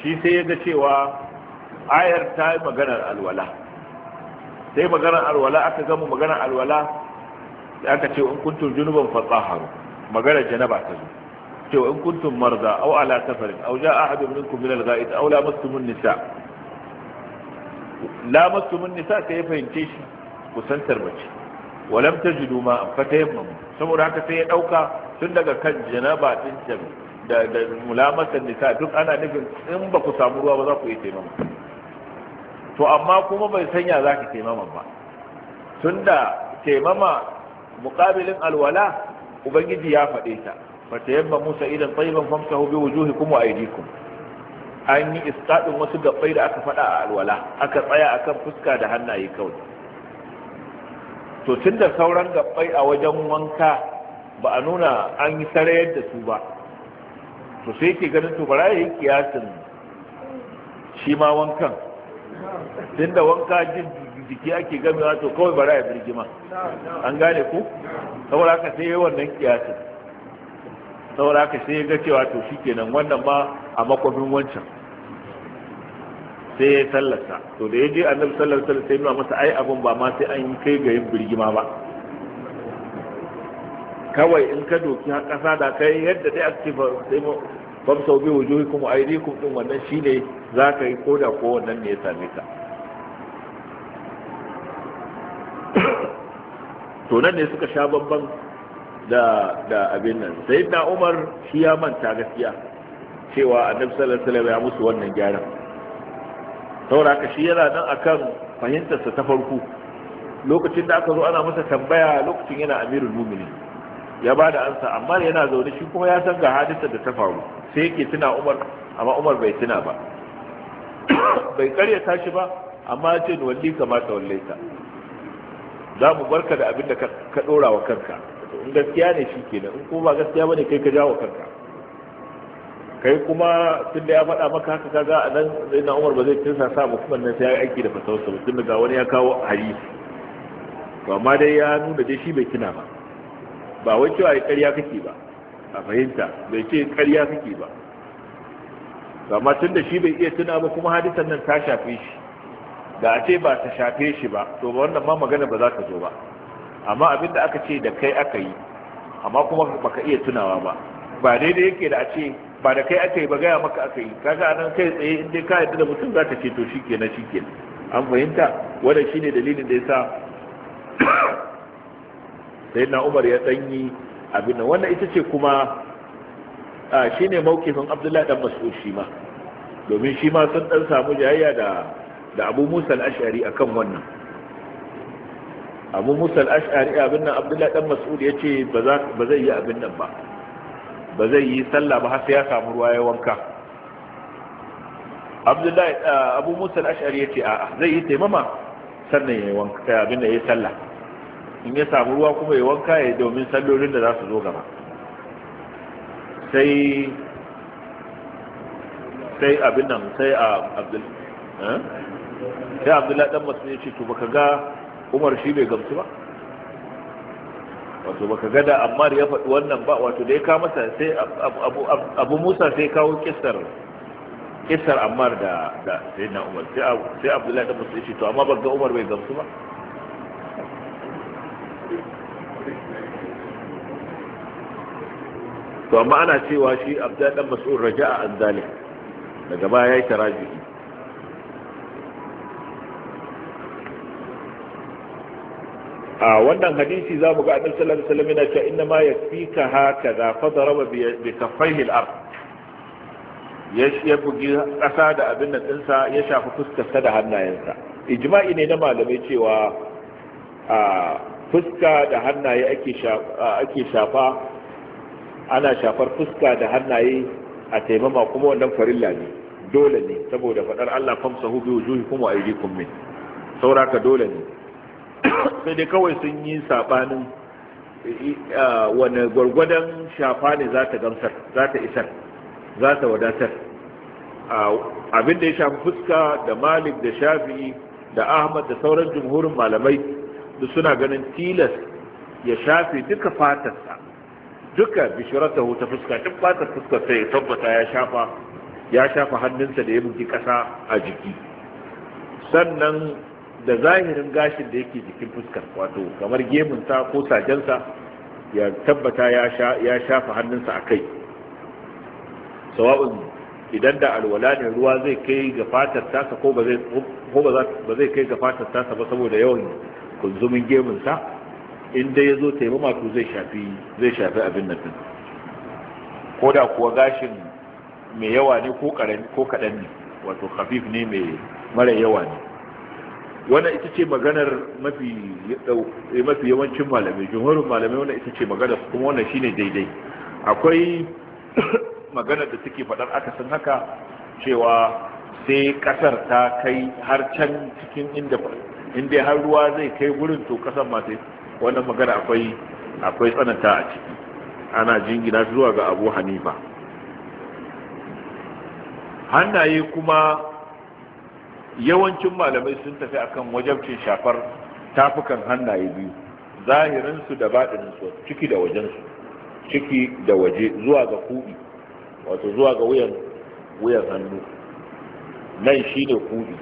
shi sai ya ga cewa ayar ta yi maganar alwala sai maganar alwala aka gama maganar alwala da aka ce in kuntum junuban fatsaharu maganar janaba ta zo ce in kuntum marza au ala safarin aw jaa ahadun minkum min al-gha'it aw lamastum an-nisa lamastum an-nisa sai ya fahimce shi kusantar mace walam tajidu ma an fatayammamu saboda haka sai ya ɗauka, tun daga kan janaba din da da mulamatan nisa duk ana nufin in ba ku samu ruwa ba za ku yi taimama to amma kuma bai sanya za ki taimama ba Tun da taimama muƙabilin alwala ubangiji ya faɗe ta fa tayamma musa idan tayyiban famsahu bi wujuhikum wa aydikum an yi iskaɗin wasu gabbai da aka faɗa a alwala aka tsaya akan fuska da hannaye kawai to tun da sauran gabbai a wajen wanka ba a nuna an yi sarayar da su ba to sai ke ganin to bara yi kiyasin shi ma wankan tun da wanka jin jiki ake gamewa to kawai bara ya birgima an gane ku saboda haka sai yi wannan kiyasin saboda haka sai ya ga cewa to shi kenan wannan ma a makwabin wancan sai ya sallarsa to da ya je annabi sallallahu alaihi wasallam sai nuna masa ai abun ba ma sai an yi kai ga yin birgima ba kawai in ka doki har kasa da kai yadda dai ake sai mu fam sau bi a yi aydikum din wannan shine zaka yi koda ko wannan ne ya same ka [COUGHS] to nan ne suka sha babban da da abin nan sayyidina Umar shi ya manta gaskiya cewa annabi sallallahu alaihi wasallam ya musu wannan gyaran saboda haka shi yana nan akan fahimtarsa ta farko lokacin da aka zo ana masa tambaya lokacin yana amirin Lumini ya ba da ansa amma yana zaune shi kuma ya san ga hadisar da ta faru sai yake tuna umar amma umar bai tuna ba [COUGHS] bai karya shi ba amma ya ce walli kamata walle ka za mu barka da abin da ka dora wa kanka in gaskiya ne shi kenan in kuma ba gaskiya ne kai ka jawo kanka kai kuma tun da ya faɗa maka haka kaga a nan zai na umar ba zai kinsa sa mutumin nan sai ya aiki da fasawarsa ba tun daga wani ya kawo hari to amma dai ya nuna dai shi bai kina ba ba wai cewa ya ƙarya kake ba a fahimta bai ce ƙarya kake ba amma tun da shi bai iya tuna ba kuma hadisan nan ta shafe shi da a ce ba ta shafe shi ba to ba wannan ma magana ba za ta zo ba amma abin da aka ce da kai aka yi amma kuma baka iya tunawa ba ba daidai yake da a ce ba da kai aka yi ba gaya maka aka yi kaga anan kai tsaye in dai ka yadda da mutum za ta ce to shikenan shikenan an fahimta wannan shine dalilin da ya sa [COUGHS] sai na Umar ya danyi abin nan wannan ita ce kuma shi ne mawkifin Abdullahi dan masu shi ma domin shi ma sun ɗan samu jayayya da da Abu Musa al-Ash'ari kan wannan Abu Musa al-Ash'ari abin nan Abdullahi dan masu yace ba za ba zai yi abin nan ba ba zai yi sallah ba har sai ya samu ruwa ya wanka abdullahi abu musa al-ash'ari yace a zai yi taimama sannan ya wanka eh, abin da yayi sallah in ya samu ruwa kuma ya wanka ya domin sallolin da za su zo gaba sai sai abin nan sai a abdul eh? sai abdullahi dan masu yace to baka ga umar shi bai gamsu ba wato baka gada amma ya faɗi wannan ba wato da ya kawo masa sai abu musa sai kawo kisar kisar ammar da da sai na umar sai abdullahi da musulunci to amma ban ga umar bai gamsu ba to amma ana cewa shi abdullahi dan mas'ud raja'a an zalim daga baya ya yi taraji a wannan hadisi za mu ga annabi sallallahu alaihi wasallam yana cewa inna ma yakfika haka fa daraba bi kaffaihi al-ard ya bugi ƙasa da abin nan tsinsa ya shafi sa da hannayensa ijma'i ne na malamai cewa a fuska da hannaye ake shafa ana shafar fuska da hannaye a taimama kuma wannan farilla ne dole ne saboda faɗar Allah famsahu bi wujuhikum wa aydikum min sauraka dole ne sai dai kawai sun yi sabanin eh, ah, wani gwargwadon shafa ne za ta gamsar za ta isar za ta wadatar ah, abin da ya shafi fuska da malik da shafi da ahmad da sauran jumhurin malamai da suna ganin tilas ya shafi duka fatarsa duka bishiratahu ta fuska duk fatar fuska sai ya tabbata ya shafa ya shafa hannunsa da ya buki kasa a jiki sannan da zahirin gashin da yake jikin fuskar wato kamar gemunsa ko sajensa ya tabbata ya shafa hannunsa a kai sawa'un idan da alwala ne ruwa zai kai ga fatar tasa ko ba zai kai ga fatar tasa ba saboda yawan kunzumin gemunsa inda ya zo taimama zai shafi abin nan ko da kuwa gashin mai yawa ne ko kaɗan ne wato khafif ne mai mara yawa ne wannan ita ce maganar eh, mafi yawancin malamai jumhurin malamai wannan ita ce maganar kuma wannan shine daidai akwai [COUGHS] maganar da take faɗar akasin haka cewa sai ƙasar ta kai har can cikin inda inda har ruwa zai kai gurin to ƙasar ma sai wannan magana akwai akwai tsananta a ciki ana jingina zuwa ga abu hanifa hannaye kuma yawancin malamai sun tafi akan wajabcin shafar tafukan hannaye biyu zahirinsu da su ciki da wajensu ciki da waje zuwa ga kuɗi wato zuwa ga wuyan wuyan hannu nan shi ne kuɗi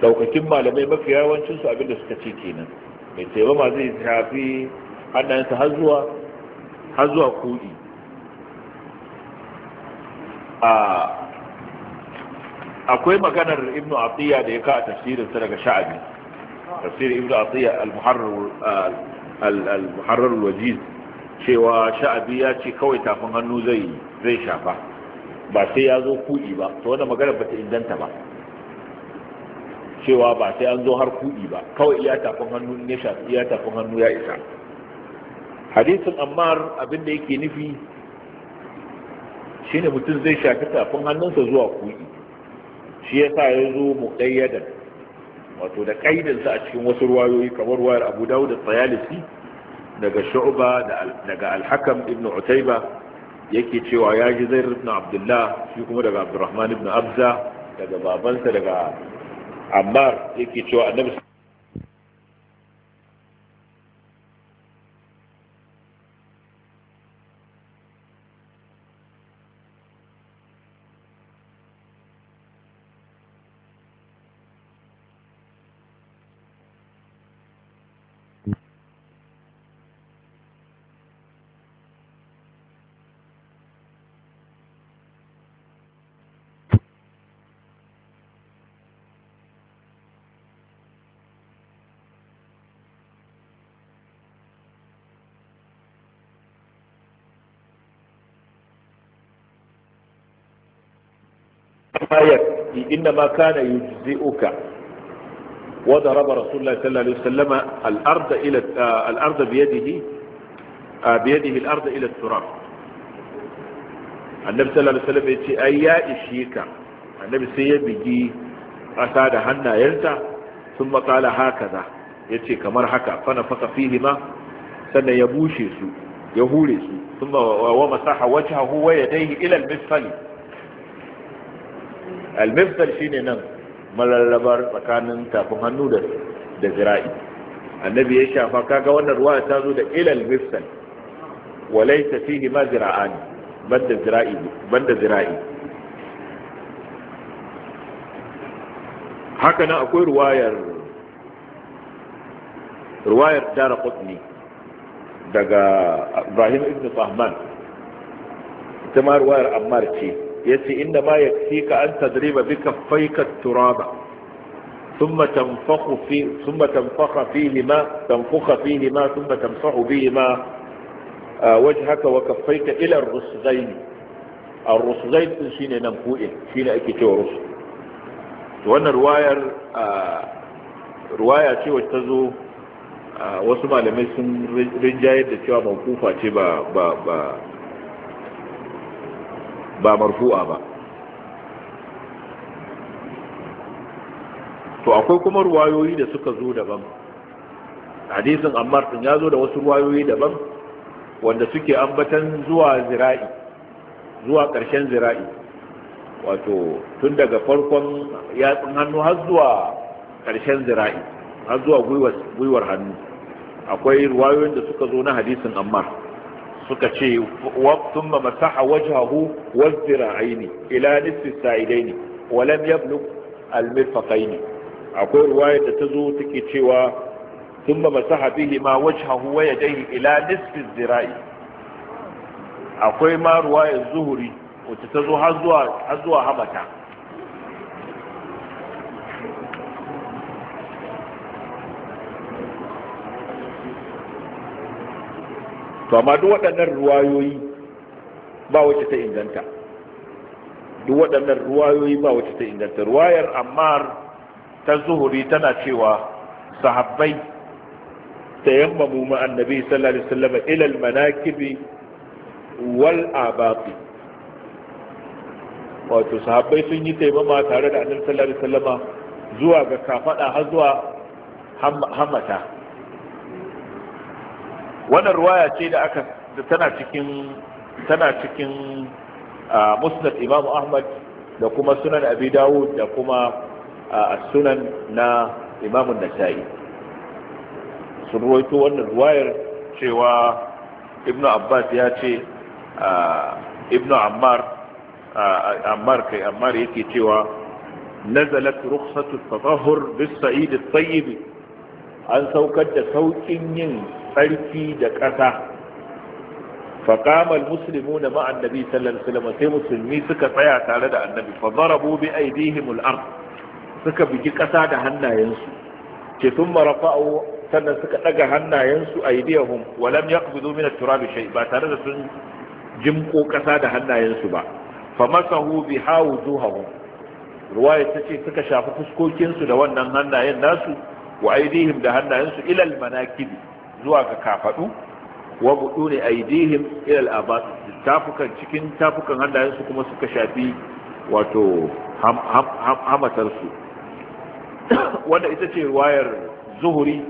daukakin malamai mafi yawancinsu abinda suka ce kenan mai taimama zai shafi hannayensa har zuwa har zuwa kuɗi a akwai maganar ibnu atiya da ya ka a tafsirin sa daga sha'abi tafsirin ibnu atiya al-muharrar uh, al wajiz cewa sha'abi ya ce kawai tafin hannu zai zai shafa ba sai ya zo kuɗi ba to wannan maganar bata inganta ba cewa ba sai an zo har kuɗi ba kawai iya tafin hannu ne shafi iya tafin hannu ya isa hadisin ammar abin da yake nufi shine mutum zai shafi tafin hannunsa zuwa kuɗi shi yasa ya zo muqayyadan wato da kaidin a cikin wasu ruwayoyi kamar wayar Abu Dawud al-Tayalisi daga Shu'ba daga alhakam hakam ibn Utayba yake cewa ya ji Zaid ibn Abdullah shi kuma daga Abdurrahman ibn Abza daga babansa daga Ammar yake cewa Annabi yakfi inna ma kana yujzi'uka wa daraba rasulullah sallallahu alaihi wasallam al-ardh ila al-ardh bi yadihi bi yadihi al-ardh ila al-turab annabi sallallahu alaihi wasallam yace ai ya ishika annabi sai ya bigi ƙasa da hannayenta sun maƙala haka za ya ce kamar haka fana faka fihima sannan ya bushe su ya hure su sun wa masaha wacce hahu waya daihi ilal misali shi shine nan mararrabar tsakanin tafin hannu da da zira'i annabi ya shafa kaga wannan ruwa ta zo da ilal miftar walaysa fihi ma zira'an banda zira'i banda zira'i haka nan akwai ruwayar ruwayar dara qutni daga ibrahim ibn fahman ita ma ruwayar ammar ce yace inda ma ka an tadriba ka fayka turaba ثم تنفخ في ثم تنفخ فيهما تنفخ فيهما ثم تمسح بهما وجهك وكفيك الى الرسغين الرسغين شيء ننفوئه شيء ake cewa rusul wannan ruwayar ruwaya ce wacce ta zo wasu malamai sun rinjayar da cewa mawkufa ce ba ba marfu'a ba to akwai kuma ruwayoyi da suka zo daban hadisin ammar din ya zo da wasu ruwayoyi daban wanda suke ambatan zuwa zira'i zuwa ƙarshen zira'i wato tun daga farkon yatsun hannu har zuwa ƙarshen zira'i har zuwa gwiwar hannu akwai ruwayoyin da suka zo na hadisin ammar suka ce sun ba masaha wajahu wazzira aini ila nisfi sa'idaini walam yablu almirfaqaini akwai ruwaya da ta zo take cewa sun ba masaha bihi ma wajahu wa yadayhi ila nisfi zira'i akwai ma ruwaya zuhuri wacce ta zo har zuwa hamata to amma duk waɗannan ruwayoyi ba wacce ta inganta duk waɗannan ruwayoyi ba wacce ta inganta ruwayar ammar ta zuhuri tana cewa sahabbai ta yamma ma annabi sallallahu alaihi wasallam ila al-manakibi wal abaqi wato sahabbai sun yi taimama tare da annabi sallallahu alaihi wasallam zuwa ga kafada har zuwa hammata wannan ruwaya ce da aka tana cikin tana cikin musnad imam ahmad da kuma sunan abi dawud da kuma sunan na imam nasa'i sun ruwaito wannan ruwayar cewa ibnu abbas ya ce ibnu ammar ammar kai ammar yake cewa nazalat rukhsatu tatahhur bis sa'id at-tayyib an saukar da saukin yin tsarki da ƙasa faƙamar musulmi da ma'an nabi sallallahu alaihi sai musulmi suka tsaya tare da annabi fa zarabu bi aidihim al suka bigi ƙasa da hannayensu ke sun marafa'u sannan suka ɗaga hannayensu a aidiyahum wa lam yaqbidu min at-turab shay ba tare da sun jimko ƙasa da hannayensu ba fa masahu bi hawduhum ruwaya ce suka shafi fuskokinsu da wannan hannayen nasu wa aidihim da hannayensu ilal manakibi zuwa ga kafadu wa ne aidihim ila al-abas tafukan cikin tafukan hannayen su kuma suka shafi wato hamatar su wanda ita ce riwayar zuhuri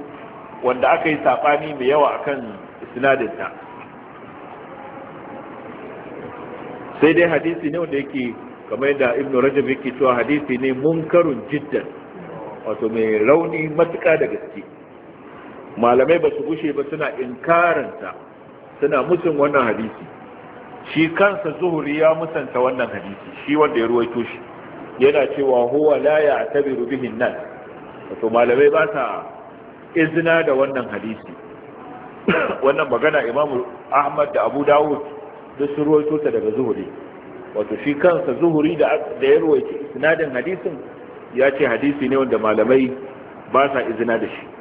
wanda aka yi sabani mai yawa akan isnadin ta sai dai hadisi ne wanda yake kamar yadda ibnu rajab yake cewa hadisi ne munkarun jiddan wato mai rauni matuƙa da gaske malamai ba su gushe ba suna inkaranta suna musun wannan hadisi shi kansa zuhuri ya musanta wannan hadisi shi wanda ya ruwaito shi yana cewa huwa la tabiru bihin nan wato malamai ba sa izina da wannan hadisi [COUGHS] wannan magana imamu ahmad da abu dawud da su ruwaito ta daga zuhuri wato shi kansa zuhuri da ya ruwaito isnadin hadisin ya ce hadisi ne wanda malamai ba sa izina da shi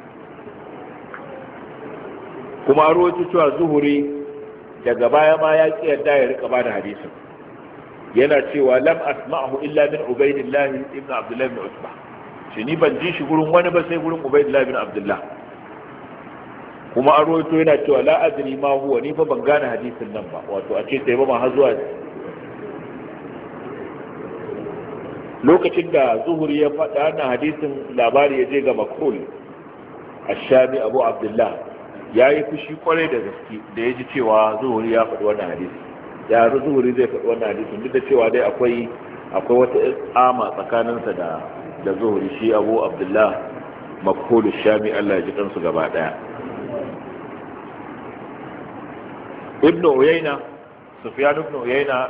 kuma a rawaito cewa zuhuri daga baya ma ya ki yadda ya rika bada hadisin yana cewa lam asma'hu illa min ubaidillah ibn abdullah ibn usba shi ni ban ji shi gurin wani ba sai gurin ubaidillah ibn abdullah kuma a rawaito yana cewa la adri ma huwa ni fa ban gane hadisin nan ba wato a ce sai ba ma har zuwa lokacin da zuhuri ya faɗa na hadisin labari ya je ga makul ashami abu abdullah ya yi fushi kwarai da gaske da ya ji cewa zuhuri ya faɗi wani hadisi ya zuhuri zai faɗi wani hadisi duk da cewa dai akwai akwai wata tsama tsakaninsa da da zuhuri shi abu abdullah makkolu shami allah ya ji kansu gaba ɗaya ibn uyayna sufyan ibn uyayna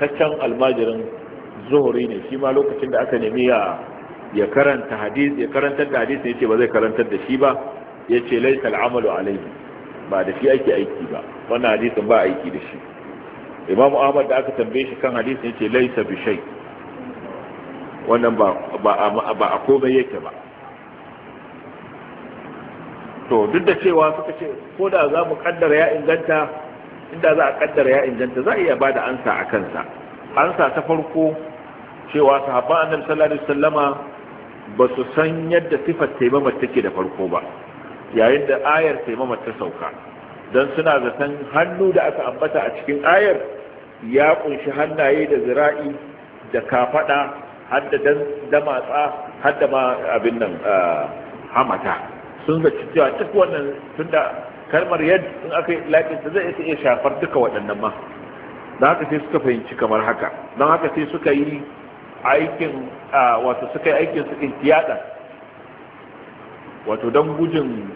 taccen almajirin zuhuri ne shi ma lokacin da aka nemi ya ya karanta hadisi ya karantar da hadisi yace ba zai karantar da shi ba ya ce laisal amalu alaihi ba da shi ake aiki ba wannan hadisin ba aiki da shi imamu ahmad da aka tambaye shi kan hadisin ya ce laisa bi wannan ba a komai yake ba to duk da cewa suka ce ko da za mu kaddara ya inganta inda za a kaddara ya inganta za a iya bada ansa a kansa ansa ta farko cewa sahabban annabi sallallahu alaihi wasallama ba su san yadda sifar taimama take da farko ba yayin da ayar taimama ta sauka don suna zaton hannu da aka ambata a cikin ayar ya kunshi hannaye da zira'i da kafada hadda damatsa hadda ma abin nan hamata sun zaci cewa duk wannan tunda kalmar yadda in aka yi laƙinta zai iya shafar duka waɗannan ma don haka sai suka fahimci kamar haka don haka sai suka yi aikin wato suka yi aikin su in wato don gujin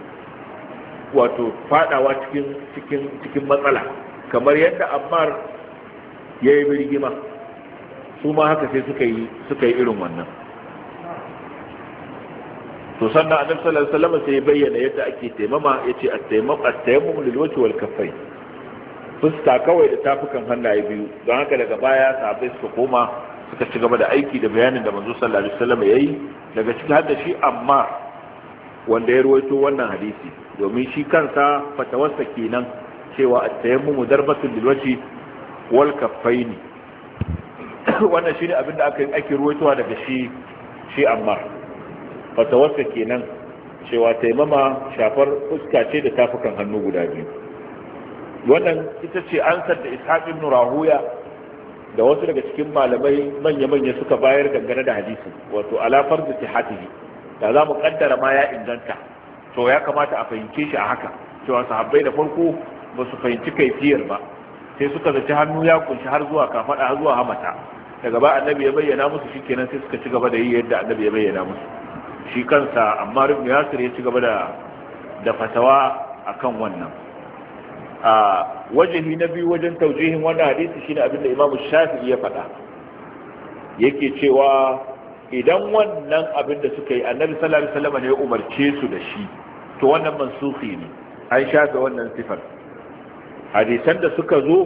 wato fadawa cikin cikin cikin matsala kamar yadda ammar ya yi birgima su ma haka sai suka yi suka yi irin wannan to sannan annabi sallallahu alaihi sai bayyana yadda ake taimama ya ce a at wal kafai fuska kawai da tafukan hannaye biyu don haka daga baya sahabbai suka koma suka ci gaba da aiki da bayanin da manzo sallallahu alaihi wasallam yayi daga cikin hadda shi ammar wanda ya ruwaito wannan hadisi domin shi kansa fatawarsa kenan cewa at-tayammumu darbatun lil wajhi wal kaffaini [COUGHS] wannan shine abin da aka yi ake ruwaitowa daga shi shi amma fatawarsa kenan cewa taimama shafar fuska ce da tafukan hannu guda biyu wannan ita ce an da ishaq ibn rahuya da wasu daga cikin malamai manya-manya suka bayar dangane da hadisi wato ala farz tihatihi da za mu kaddara ma ya inganta to ya kamata a fahimce shi a haka cewa sahabbai da farko ba su fahimci kaifiyar ba sai suka zaci hannu ya kunshi har zuwa kafada har zuwa hamata daga ba annabi ya bayyana musu shikenan sai suka ci gaba da yi yadda annabi ya bayyana musu shi kansa amma ibn yasir ya ci gaba da da fatawa akan wannan a na biyu wajen taujihin wannan hadisi shine abinda imamu shafi'i ya faɗa yake cewa idan wannan abin da suka yi annabi sallallahu alaihi wasallam ne ya umarce su da shi to wannan mansuhi ne an shafe wannan sifar hadisan da suka zo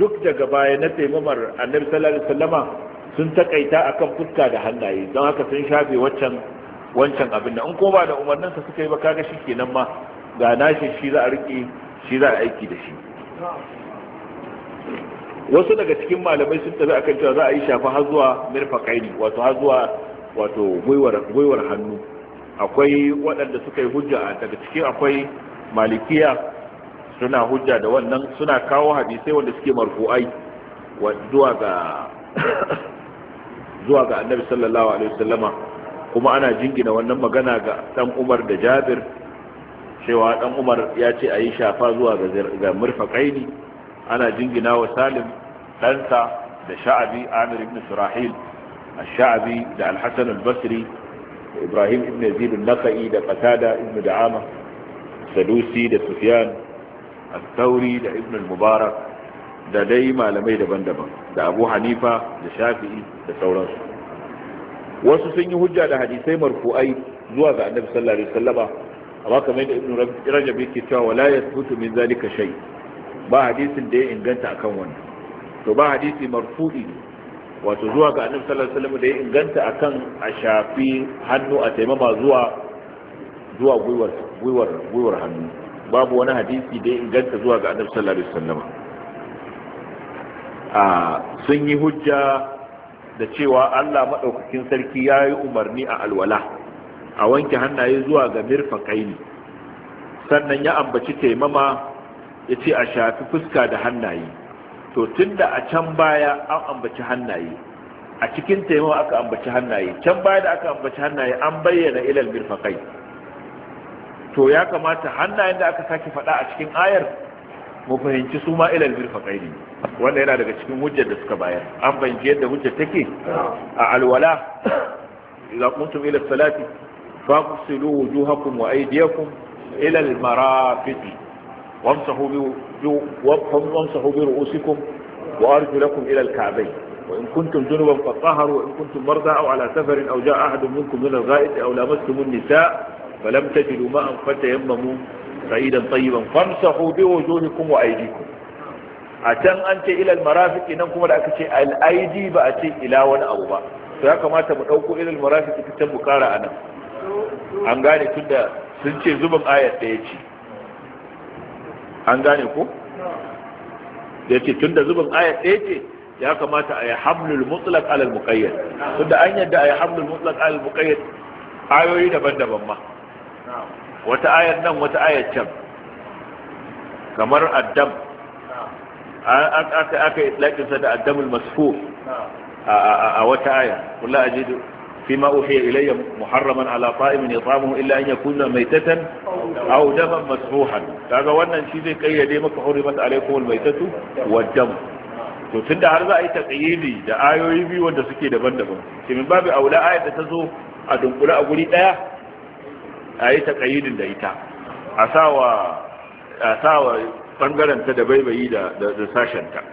duk daga baya na taimamar annabi sallallahu alaihi wasallam sun takaita akan fuska da hannaye don haka sun shafe waccan wancan abin da in ko ba da umarnin sa suka yi ba kaga kenan ma ga nashi shi za a rike shi za a aiki da shi wasu daga cikin malamai sun tafi akan cewa za a yi shafa har zuwa mirfaqaini wato har zuwa wato gwiwar hannu akwai waɗanda suka yi hujja daga cikin akwai malikiya suna hujja da wannan suna kawo hadisai wanda suke marfu'ai zuwa ga [COUGHS] zuwa ga annabi sallallahu alaihi wasallama kuma ana jingina wannan magana ga dan Umar da Jabir cewa dan Umar ya ce ayi shafa zuwa ga mirfakaini. ana jingina wa salim ɗansa da sha'abi amir ibn surahil الشعبي ده الحسن البصري إبراهيم ابن يزيد النقعي ده قتادة ابن دعامة سدوسي ده سفيان الثوري ده ابن المبارك ده دي malamai daban-daban da abu hanifa da shafi'i da sauransu wasu sun yi hujja da hadisai marfu'ai zuwa ga annabi sallallahu alaihi wasallama amma kamar da ibn rajab yake cewa wala yathbutu min zalika shay' ba hadisin da ya inganta akan wannan to ba hadisi marfu'i wato zuwa ga annabi sallallahu alaihi wasallam da ya inganta akan a shafi hannu a taimama zuwa zuwa gwiwar guiwar guiwar hannu babu wani hadisi da ya inganta zuwa ga annabi sallallahu alaihi wasallam a sun yi hujja da cewa Allah madaukakin sarki ya yi umarni a alwala a wanke hannaye zuwa ga mirfaqaini sannan ya ambaci taimama ya ce a shafi fuska da hannaye to tun da a can baya an ambaci hannaye a cikin taimawa aka ambaci hannaye can baya da aka ambaci hannaye an bayyana ilal mirfaƙai to ya kamata hannayen da aka sake faɗa a cikin ayar mu fahimci su ma ilal mirfaƙai ne wanda yana daga cikin hujjar da suka bayar an fahimci yadda hujjar take a alwala idza kuntum ila salati qsilu wujuhakum wa aydiyakum ila al وامسحوا برؤوسكم وارجو لكم الى الكعبين وإن كنتم جنبا فطهروا وإن كنتم مرضى أو على سفر أو جاء أحد منكم من الغائط أو لامستم النساء فلم تجدوا ماء فتيمموا سعيدا طيبا فامسحوا بوجوهكم وأيديكم أتم أنت إلى المرافق إنكم لا شيء الأيدي بأتي إلى وأن أو با فهك ما تبقوا إلى المرافق تتم كارا أنا أنقاني كنت سنتي زبم آية تيجي an gane ku? ya ce tun da zubin ayat ɗaya ce ya kamata a yi hamlul mutlaq alal muqayyad tun da an yadda a yi hamlul mutlaq alal muqayyad ayoyi daban-daban ma wata ayar nan wata ayar can kamar addam aka aka yi laƙinsa da addamul masfur a wata aya kula ajidu فيما أوحي إلي محرما على طائم يطعمه إلا أن يكون ميتة أو دما مسفوحا هذا وانا نشيزي كي يديمك حرمت عليكم الميتة والدم to tun da har za a yi taƙayyidi da ayoyi biyu wanda suke daban-daban ke min babu aula ayat da ta zo a dunkule a guri ɗaya a yi taƙayyidin da ita a sawa ɓangaren ta da baibayi da sashenta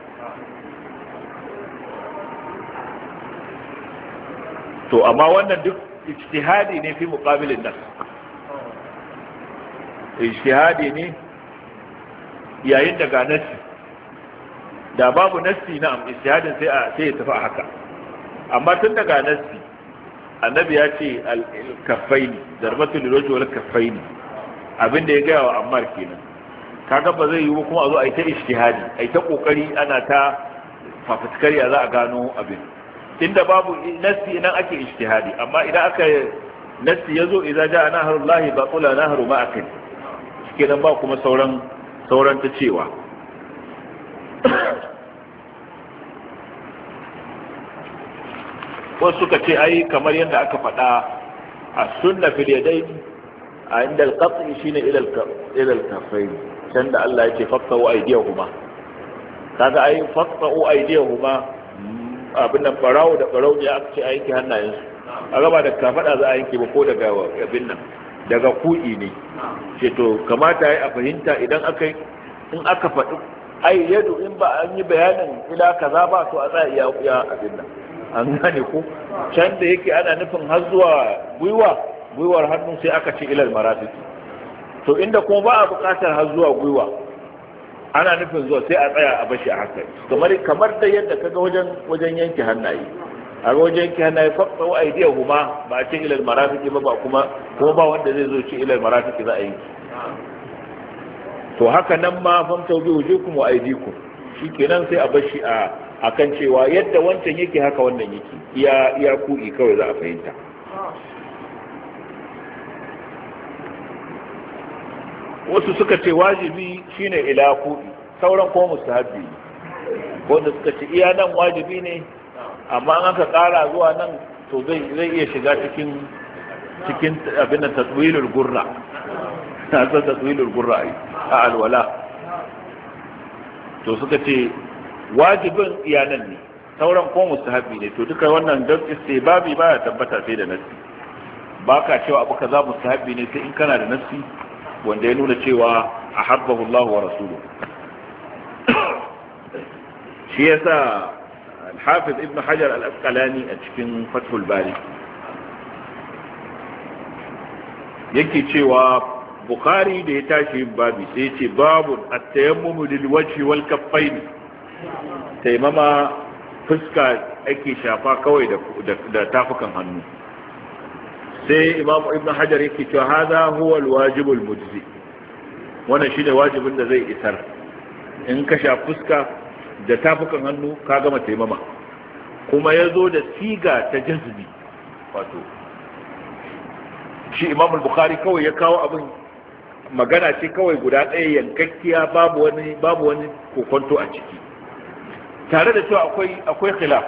to amma wannan duk ijtihadi ne fi muqabilin nas ijtihadi ne yayin da ga nasi da babu nasi na am ijtihadin sai a sai ya tafi a haka amma tun daga nasi annabi ya ce al-kaffaini darbatu wajhi wal kaffaini abinda ya gaya wa ammar kenan kaga ba zai yiwu kuma a zo a yi ta ijtihadi a yi ta kokari ana ta fafutukar ya za a gano abin inda babu nassi nan ake ijtihadi amma idan aka nassi yazo idza jaa nahrullahi baqula nahru ma'akin shikenan ba kuma sauran sauran ta cewa wasu suka ce ai kamar yadda aka faɗa a sunna fil yadayn a inda al-qat'i shine ila ila al-kaffayn can da Allah yake faqqa wa aydiyahuma kaga ai faqqa wa aydiyahuma abin nan barawo da barawo ne aka ce a yanke hannayensu a gaba da kafaɗa za a yanke ba ko daga abin nan daga kuɗi ne ce to kamata ya a fahimta idan aka in aka faɗi ai yadu in ba an yi bayanin ila kaza ba to a tsaya iya iya abin nan an gane ko can da yake ana nufin har zuwa gwiwa gwiwar hannu sai aka ci ilal marafiq to inda kuma ba a buƙatar har zuwa gwiwa ana nufin zuwa sai a tsaya a bashi a haka kamar kamar da yadda kaga wajen wajen yanke hannaye a wajen yanke hannaye faɗa wa aidiya huma ba a cin ilal marafiki ba ba kuma ko ba wanda zai zo ci ilal marafiki za a yi to haka nan ma fam tawbi wujukum wa aidikum shikenan sai a bashi a akan cewa yadda wancan yake haka wannan yake iya iya kuɗi kawai za a fahimta wasu suka ce wajibi shine ila kuɗi sauran ko mustahabi wanda suka ce iya nan wajibi ne amma an ka ƙara zuwa nan to zai iya shiga cikin cikin abin da taswilul gurra ta san taswilul gurra a alwala to suka ce wajibin iya nan ne sauran ko mustahabi ne to duka wannan dan istibabi ba ya tabbata sai da nasi ba ka cewa abu kaza mustahabi ne sai in kana da nasi wanda ya nuna cewa a harbahu Allah wa rasulu shi yasa sa hafiz ibn hajar al-asqalani a cikin fathul bari yake cewa bukhari da ya tashi yin babi sai ce babu at-tayammumu lil taimama fuska ake shafa kawai da tafukan hannu sai imam ibn hajar yake cewa hada huwa alwajib almujzi wannan shine wajibin da zai isar in ka sha fuska da tafukan hannu ka gama taimama kuma yazo da siga ta jazbi wato shi imam al-bukhari kawai ya kawo abin magana ce kawai guda ɗaya yankakkiya babu wani babu wani kokonto a ciki tare da cewa akwai akwai khilaf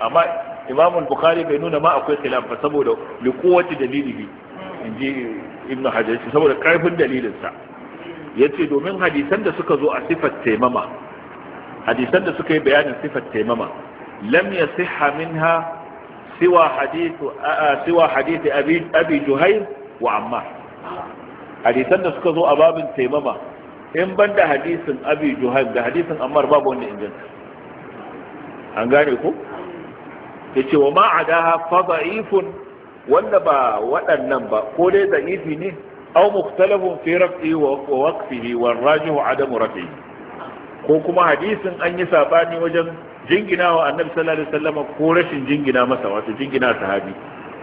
amma imam al-bukhari bai nuna ma akwai khilaf ba saboda li quwwati dalilihi inji ibn hajar saboda karfin dalilinsa. Ya ce domin hadisan da suka zo a sifat taimama hadisan da suka yi bayanin sifat taimama lam yasihha minha siwa hadithu siwa hadithi abi abi wa amma. hadisan da suka zo a babin taimama in banda hadisin abi juhayr da hadisin ammar babu wanda inganta an gane ko yace wa ma a adaha fa da'ifun wanda ba waɗannan ba ko dai da da'ifi ne aw mukhtalafun fi raf'i wa waqfihi wal wa adamu raf'i ko kuma hadisin an yi sabani wajen jingina wa annabi sallallahu alaihi wasallam ko rashin jingina masa wato jingina sahabi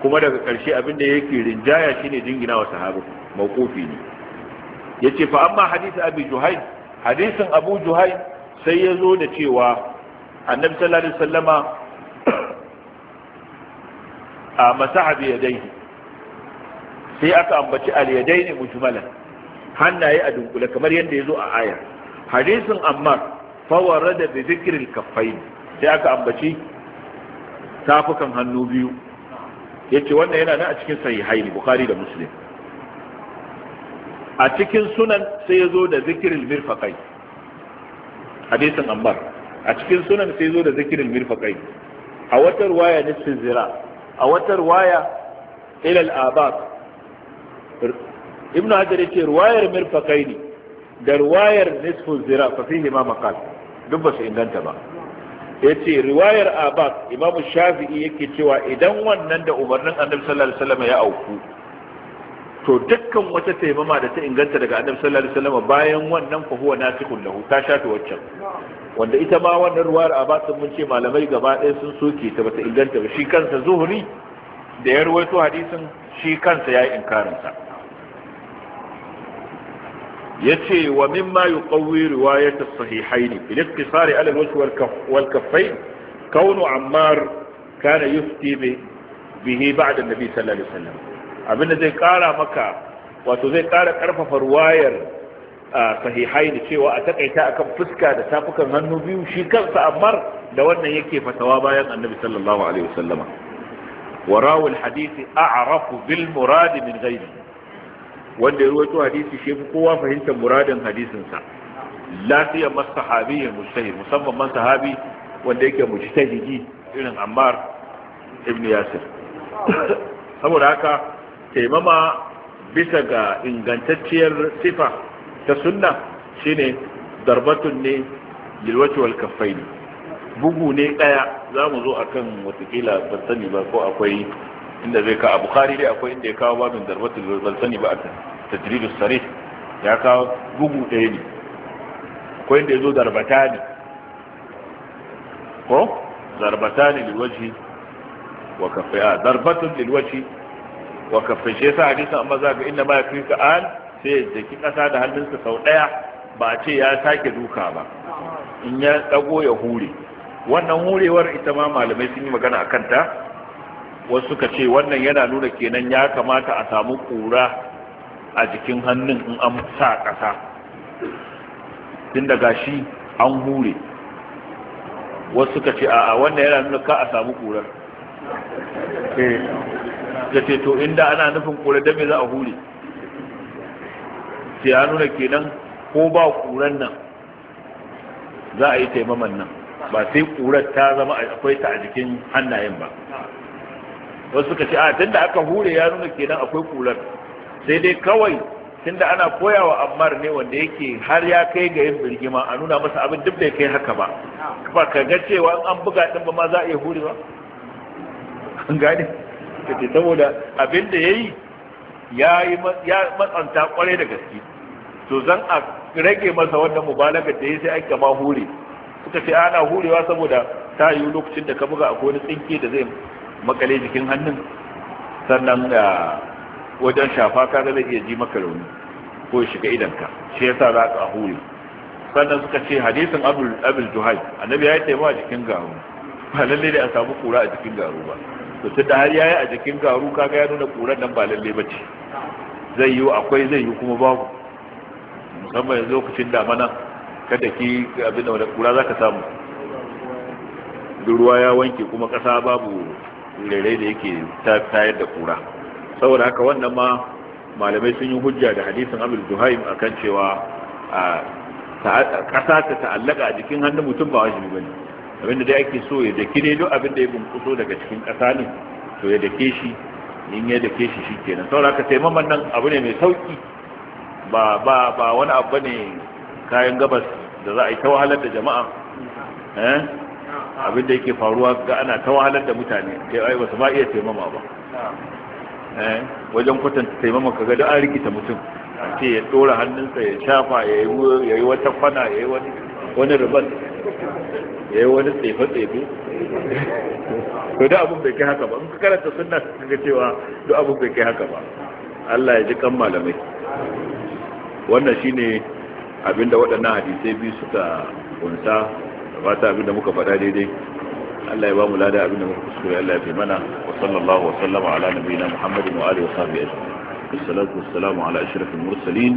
kuma daga karshe abin da yake rinjaya shine jingina wa sahabi mawqufi ne yace fa amma hadisi abi juhayn hadisin abu juhayn sai ya zo da cewa annabi sallallahu alaihi wasallama a masaha bi yadayhi sai aka ambaci al yadayni mujmalan hannaye a dunkule kamar yadda yazo a aya hadisin ammar fawarada bi dhikril kaffain sai aka ambaci tafukan hannu biyu yace wannan yana nan a cikin sahihaini bukhari da muslim a cikin sunan sai yazo da zikirin mirfaqai hadisin ammar a cikin sunan sai zo da zikirin mirfaƙai a wata ruwaya na zira a wata ruwaya ilal abab ibnu hajar yace ruwayar mirfaqaini da ruwayar nisfu zira fa fihi ma maqal duk ba su inganta ba yace Ruwayar abab imam shafi'i yake cewa idan wannan da umarnin annabi sallallahu alaihi wasallam ya auku to dukkan wata taimama da ta inganta daga annabi sallallahu alaihi wasallam bayan wannan fa huwa nasikhun lahu ta shafi waccan wanda ita ma wannan ruwayar abbasin mun ce malamai gaba ɗaya sun soke ta bata inganta ba shi kansa zuhuri da ya ruwaito hadisin shi kansa ya yi inkarinsa ya ce wa mimma yi ƙauwi riwayar ta sahihai ne ilis kisari alal walkafai kaunu ammar kana yufti bihi ba'da nabi sallallahu alaihi wasallam abinda zai kara maka wato zai kara karfafa ruwayar sahihain cewa a takaita akan fuska da tafukan hannu biyu shi kansa amar da wannan yake fatawa bayan annabi sallallahu alaihi wasallama wa rawul hadisi a'rafu bil murad min ghairi wanda ya ruwaito hadisi shi kowa fahimtar muradin hadisin sa lafiyar masahabi mujtahid musamman man sahabi wanda yake mujtahidi irin ammar ibn yasir saboda haka taimama bisa ga ingantacciyar sifa ta sunna shine darbatun ne lilwati wal kaffaini bugu ne daya zamu zo akan watakila ban sani ba ko akwai inda zai ka a bukhari dai akwai inda ya kawo babin darbatul ban sani ba akan tajridus sarih ya kawo bugu daya ne akwai inda yazo darbata ne ko darbata ne lilwaji wa kaffai darbatun lilwaji wa kaffai shi yasa hadisi amma zaka inna ma ka an sai ya daki ƙasa da hannunsa sau ɗaya ba a ce ya sake duka ba in ya ɗago ya hure wannan hurewar ita ma malamai sun yi magana a kanta wasu suka ce wannan yana nuna kenan ya kamata a samu ƙura a jikin hannun in an sa ƙasa tun daga shi an hure wasu suka ce a wannan yana nuna ka a samu ƙurar ta eh, ce to inda ana nufin kura don me za a hure ce ya nuna kenan ko ba ƙuran nan za a yi taimaman nan ba sai kurar ta zama akwai ta a jikin hannayen ba wasu suka ce a da aka hure ya nuna kenan akwai kurar sai dai kawai tun da ana koyawa ammar ne wanda yake har ya kai ga yin birgima a nuna masa abin duk da ya kai haka ba ba ka ga cewa an buga ɗin ba ma za a iya hure ba an gane saboda abin da ya yi ya matsanta kwarai da gaske to zan a rage masa wannan mubalaga da yayi sai aka ma hure suka ce ana hurewa saboda ta yi lokacin da ka buga akwai wani tsinke da zai makale jikin hannun sannan da ah, wajen shafa ka zai iya ji maka rauni ko shiga ka, shi yasa za ka hure sannan suka ce hadisin abul abul juhai annabi ya yi a jikin garu ba lalle ne a samu kura a jikin garu ba to tunda har yayi a jikin garu kaga ya nuna kuran nan ba lalle bace zai yi akwai zai yi kuma babu musamman yanzu lokacin damana kada ki abin da kura za ka samu ruwa ya wanke kuma ƙasa babu rere da yake tayar da kura saboda haka wannan ma malamai sun yi hujja da hadisin zuhaim a kan cewa ƙasa ta ta'allaka a jikin hannun mutum ba wajibi bane abinda dai ake so ya daki ne duk abin da ya bunkuso daga cikin ƙasa ne to ya dake shi in ya dake shi kenan saboda haka taimaman nan abu ne mai sauki ba ba ba wani abu ne kayan gabas da za a yi ta wahalar da jama'a eh abin da yake faruwa ga ana ta wahalar da mutane sai ai wasu ba iya taimama ba eh wajen kwatanta taimama kaga da an rikita mutum a ce ya dora hannunsa ya shafa ya yi wata kwana ya yi wani wani ya yi wani tsefe-tsefe to da abin bai kai haka ba in ka karanta sunna ka ga cewa duk abin bai kai haka ba Allah ya ji kan malamai wannan shine abinda waɗannan hadisai biyu suka kunsa fata abinda muka faɗa daidai Allah ya ba mu lada abinda muka kuskure Allah ya fi mana wa sallallahu wa sallama ala nabiyina Muhammadin wa alihi wa sahbihi ajma'in salatu wassalamu ala ashrafil mursalin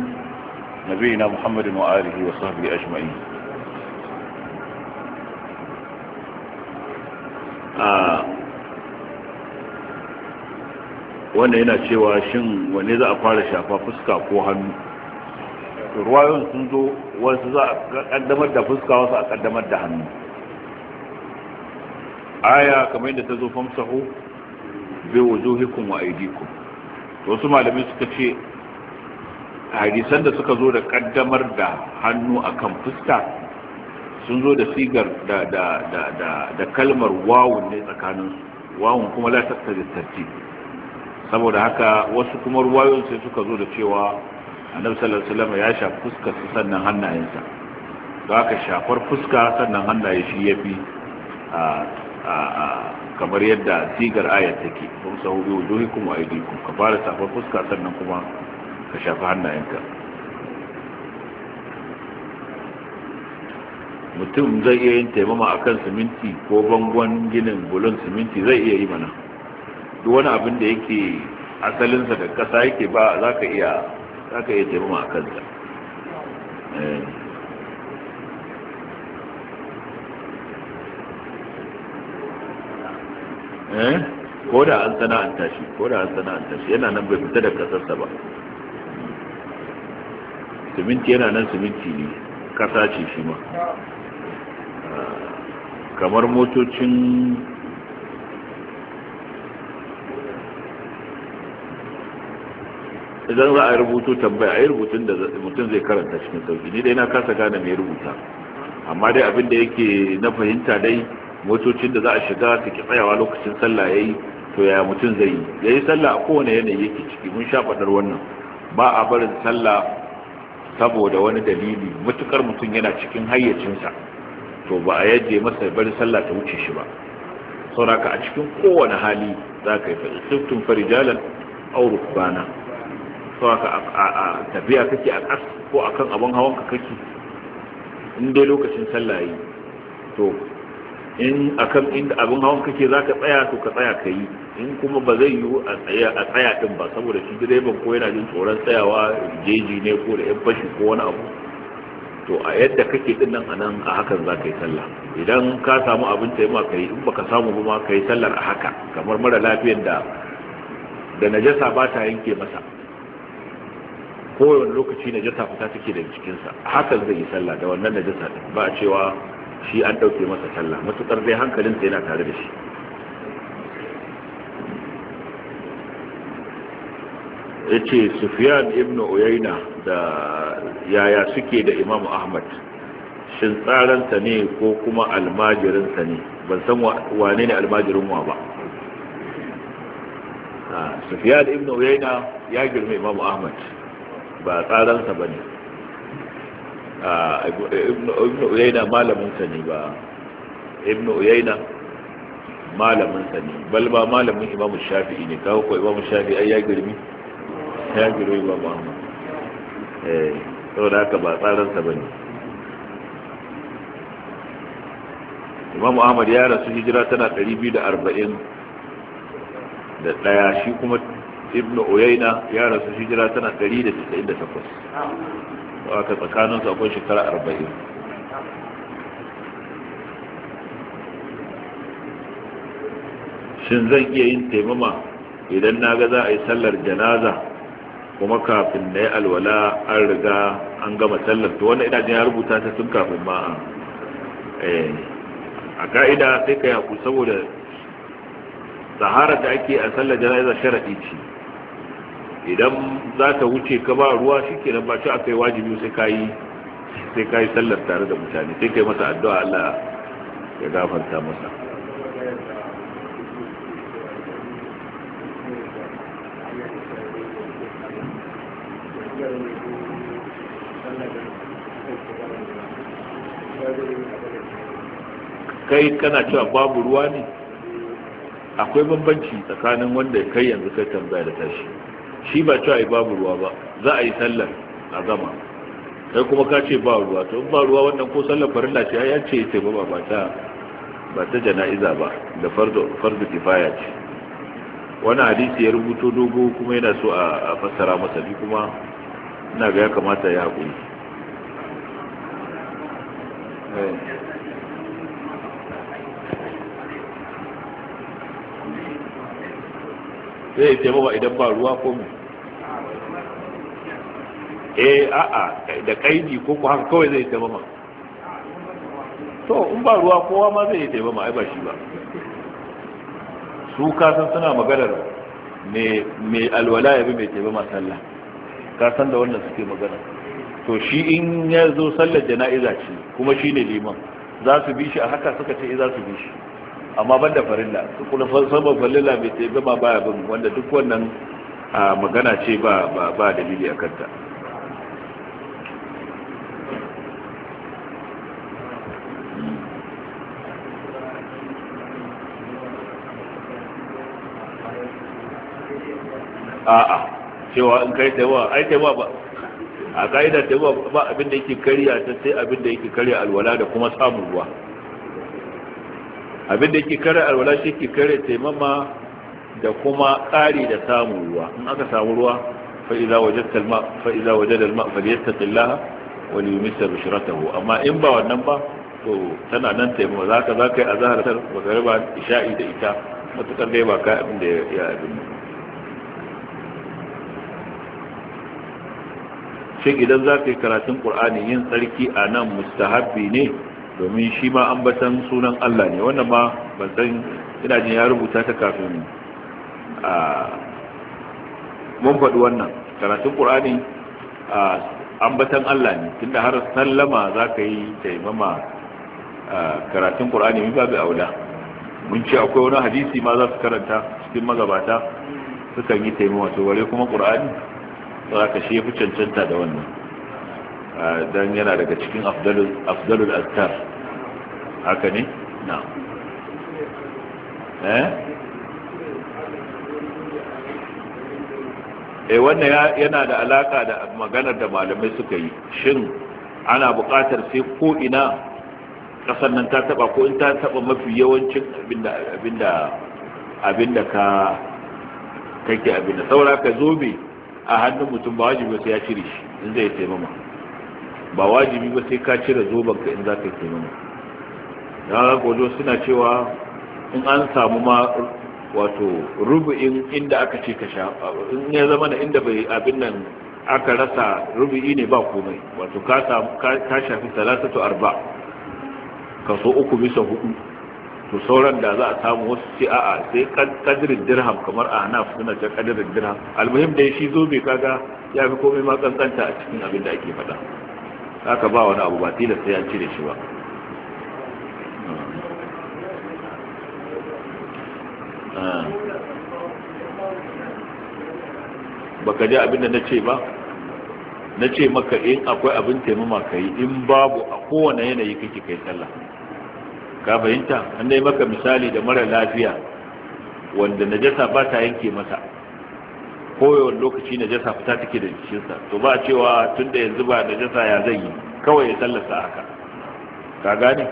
nabiyina Muhammadin wa alihi wa sahbihi ajma'in ah, wannan yana cewa shin wane za a fara shafa fuska ko hannu Ruwayon sun zo wasu za a kaddamar da fuska wasu a kaddamar da hannu aya kamar yadda ta zo famsahu bai wujuhikum wa aydikum wasu malamai suka ce hadisan da suka zo da kaddamar da hannu akan fuska sun zo da sigar da da da da, da kalmar wawun ne tsakanin wawun kuma la taqtadi saboda haka wasu kuma ruwayon sai suka zo da cewa annabi sallallahu alaihi wasallam ya shafa fuskar sannan hannayensa don haka shafar fuska sannan hannaye shi yafi kamar yadda sigar ayat take kun sahu bi wujuhikum wa aydikum ka fara shafar fuska sannan kuma ka shafa hannayenka mutum zai iya yin taimama akan siminti ko bangon ginin bulon siminti zai iya yi mana duk wani abin da yake asalinsa da kasa yake ba za ka iya za ka iya taimama a kansa eh. Eh? ko da an sana'anta shi ko da an sana'anta shi yana nan bai fita da kasarsa ba siminti yana nan siminti ne kasa ce shi ma ah. kamar motocin idan za a rubuto tambaya a yi rubutun da mutum zai karanta cikin sauki ni dai na kasa gane mai rubuta amma dai abin da yake na fahimta dai motocin da za a shiga su ki tsayawa lokacin sallah ya yi to yaya mutum zai yi ya yi sallah a kowane yanayi yake ciki mun sha faɗar wannan ba a barin sallah saboda wani dalili matukar mutum yana cikin hayyacinsa to ba a yadda masa bari sallah ta wuce shi ba sauraka a cikin kowane hali za ka yi faɗi siftun farijalan aurukbana ka a tafiya kake a ƙas ko kan abin hawan ka kake in dai lokacin sallaye to in kan inda abin hawan kake za ka tsaya to ka tsaya ka yi in kuma ba zai yiwu a tsaya ɗin ba saboda shi direban ko yana jin tsoron tsayawa jeji ne ko da yan fashi ko wani abu to a yadda kake ɗin nan anan a hakan za ka yi sallah idan ka samu abin ta yi ma ka yi in ba ka samu ba ma ka yi sallar a haka kamar mara lafiyar da da najasa ba ta yanke masa kowane lokaci najasa fita take da cikinsa, hakan zai yi sallah da wannan na din ba cewa shi an ɗauke masa sallah matuƙar dai hankalinsa yana tare da shi ya ce sufiyan ibn uyaina da yaya suke da imamu ahmad shin tsaransa ne ko kuma almajirinsa ne ban san wane ne almajirin wa ba ah, sufiyan ibn uyaina ya girma imamu ahmad ba tsaransa ba ne ibn uyaina malaminsa ne ba ibn uyaina malaminsa ne balba malamin imamu shafi'i ne kawo ko imamu shafi'i ya girmi ya girmi ba ahmad eh da ka ba tsaransa ba ne imamu ahmad ya rasu hijira tana 240 da ɗaya shi kuma ibn uyayna ya rasu hijira tana 198 aka tsakanin su akwai shekara 40 shin zan iya yin taimama idan na ga za a yi sallar janaza kuma kafin na yi alwala an riga an gama sallar to wannan idajen ya rubuta ta tun kafin ma a eh, ka'ida sai ka yaku saboda sahara da ake a sallar janaza sharaɗi ce idan za ta wuce ka ba ruwa shi nan ba ci aka yi wajibi sai ka yi sai sallar tare da mutane sai yi masa addu'a Allah ya gafarta masa kai kana cewa babu ruwa ne akwai bambanci tsakanin wanda kai yanzu kai tambaya da tashi shi ba cewa ai babu ruwa ba za a yi sallar a gama kai kuma ka ce ba ruwa to ba ruwa wannan ko sallar farilla ce ya ce ce ba ba ta ba ta jana'iza ba da fardu fardu kifaya ce wani hadisi ya rubuto dogo kuma yana so a fassara masa ni kuma ina ga ya kamata ya haƙuri eh. zai ya taimama idan ba ruwa ko mu eh a'a da kaidi ko ko haka kawai zai taimama to in ba ruwa kowa ma zai taimama ai ba shi ba su kasan suna maganar me alwala ya bi mai taimama sallah ka san da wannan suke magana to shi in ya zo sallar jana'iza ce kuma shi ne liman za su bi shi a haka suka ce eh, za su bi shi amma ban da farilla su kuma saman farilla mai tebe ma baya bin wanda duk wannan magana ce ba ba dalili a kanta a'a cewa in kai taiwa ai taiwa ba a ka'idar taiwa ba abin da yake kariya ta sai abin da yake kariya alwala da kuma samun ruwa abin da yake kare alwala shi ke kare taimama da kuma tsari da samun ruwa in aka samu ruwa fa'iza wajatta ma fa'iza wajada al-ma falyattaqillaha wa bishratahu amma in ba wannan ba to tana nan taimama za ka yi azhar tar magriba isha'i da ita matuƙar dai ba ka abin da ya abin shi idan ka yi karatun qur'ani yin tsarki a nan mustahabbi ne domin shi ma ambatan sunan Allah ne wannan ma ban san ina jin ya rubuta ta kafin a mun faɗi wannan karatun ƙur'ani a ambatan Allah ne tunda har sallama za ka yi taimama karatun Qur'ani min babu aula mun ce akwai wani hadisi ma za su karanta cikin magabata sukan yi taimama to wale kuma Qur'ani ka shi ya fi cancanta da wannan dan yana daga cikin afdalul azkar haka ne na eh? eh wannan yana da alaka da maganar da malamai suka yi shin ana bukatar sai ko ina kasar nan ta taba ko in ta taba mafi yawancin abinda abinda abinda ka kake abinda saura ka zobe a hannun mutum ba wajibi sai ya cire shi in zai taimama ba wajibi ba sai ka cire zoben ka in za ka yi taimama ya gojo suna cewa in an samu ma wato rubu'in inda aka ce ka sha in ya zama da inda bai abin nan aka rasa rubu'i ne ba komai wato ka shafi talatatu arba kaso uku bisa hudu to sauran da za a samu wasu ce a'a sai kadirin dirham kamar a hanaf suna ce kadirin dirham almuhim da shi zo bai kaga ya fi komai ma kankanta a cikin abin da ake faɗa aka ba wani abu ba tilas sai cire shi ba ah. baka ji abin da na ce ba na ce maka in akwai abin taimama ka yi in babu a kowane yanayi kake kai sallah ka fahimta an dai maka misali da mara lafiya wanda najasa ba ta yanke masa koyon lokaci na jasa fita take da jikinsa to ba cewa tun da yanzu ba da jasa ya zai yi kawai ya sallasa haka ka gane?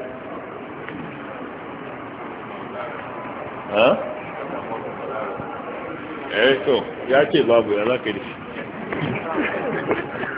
eh to ya ce babu ya za ka yi [LAUGHS]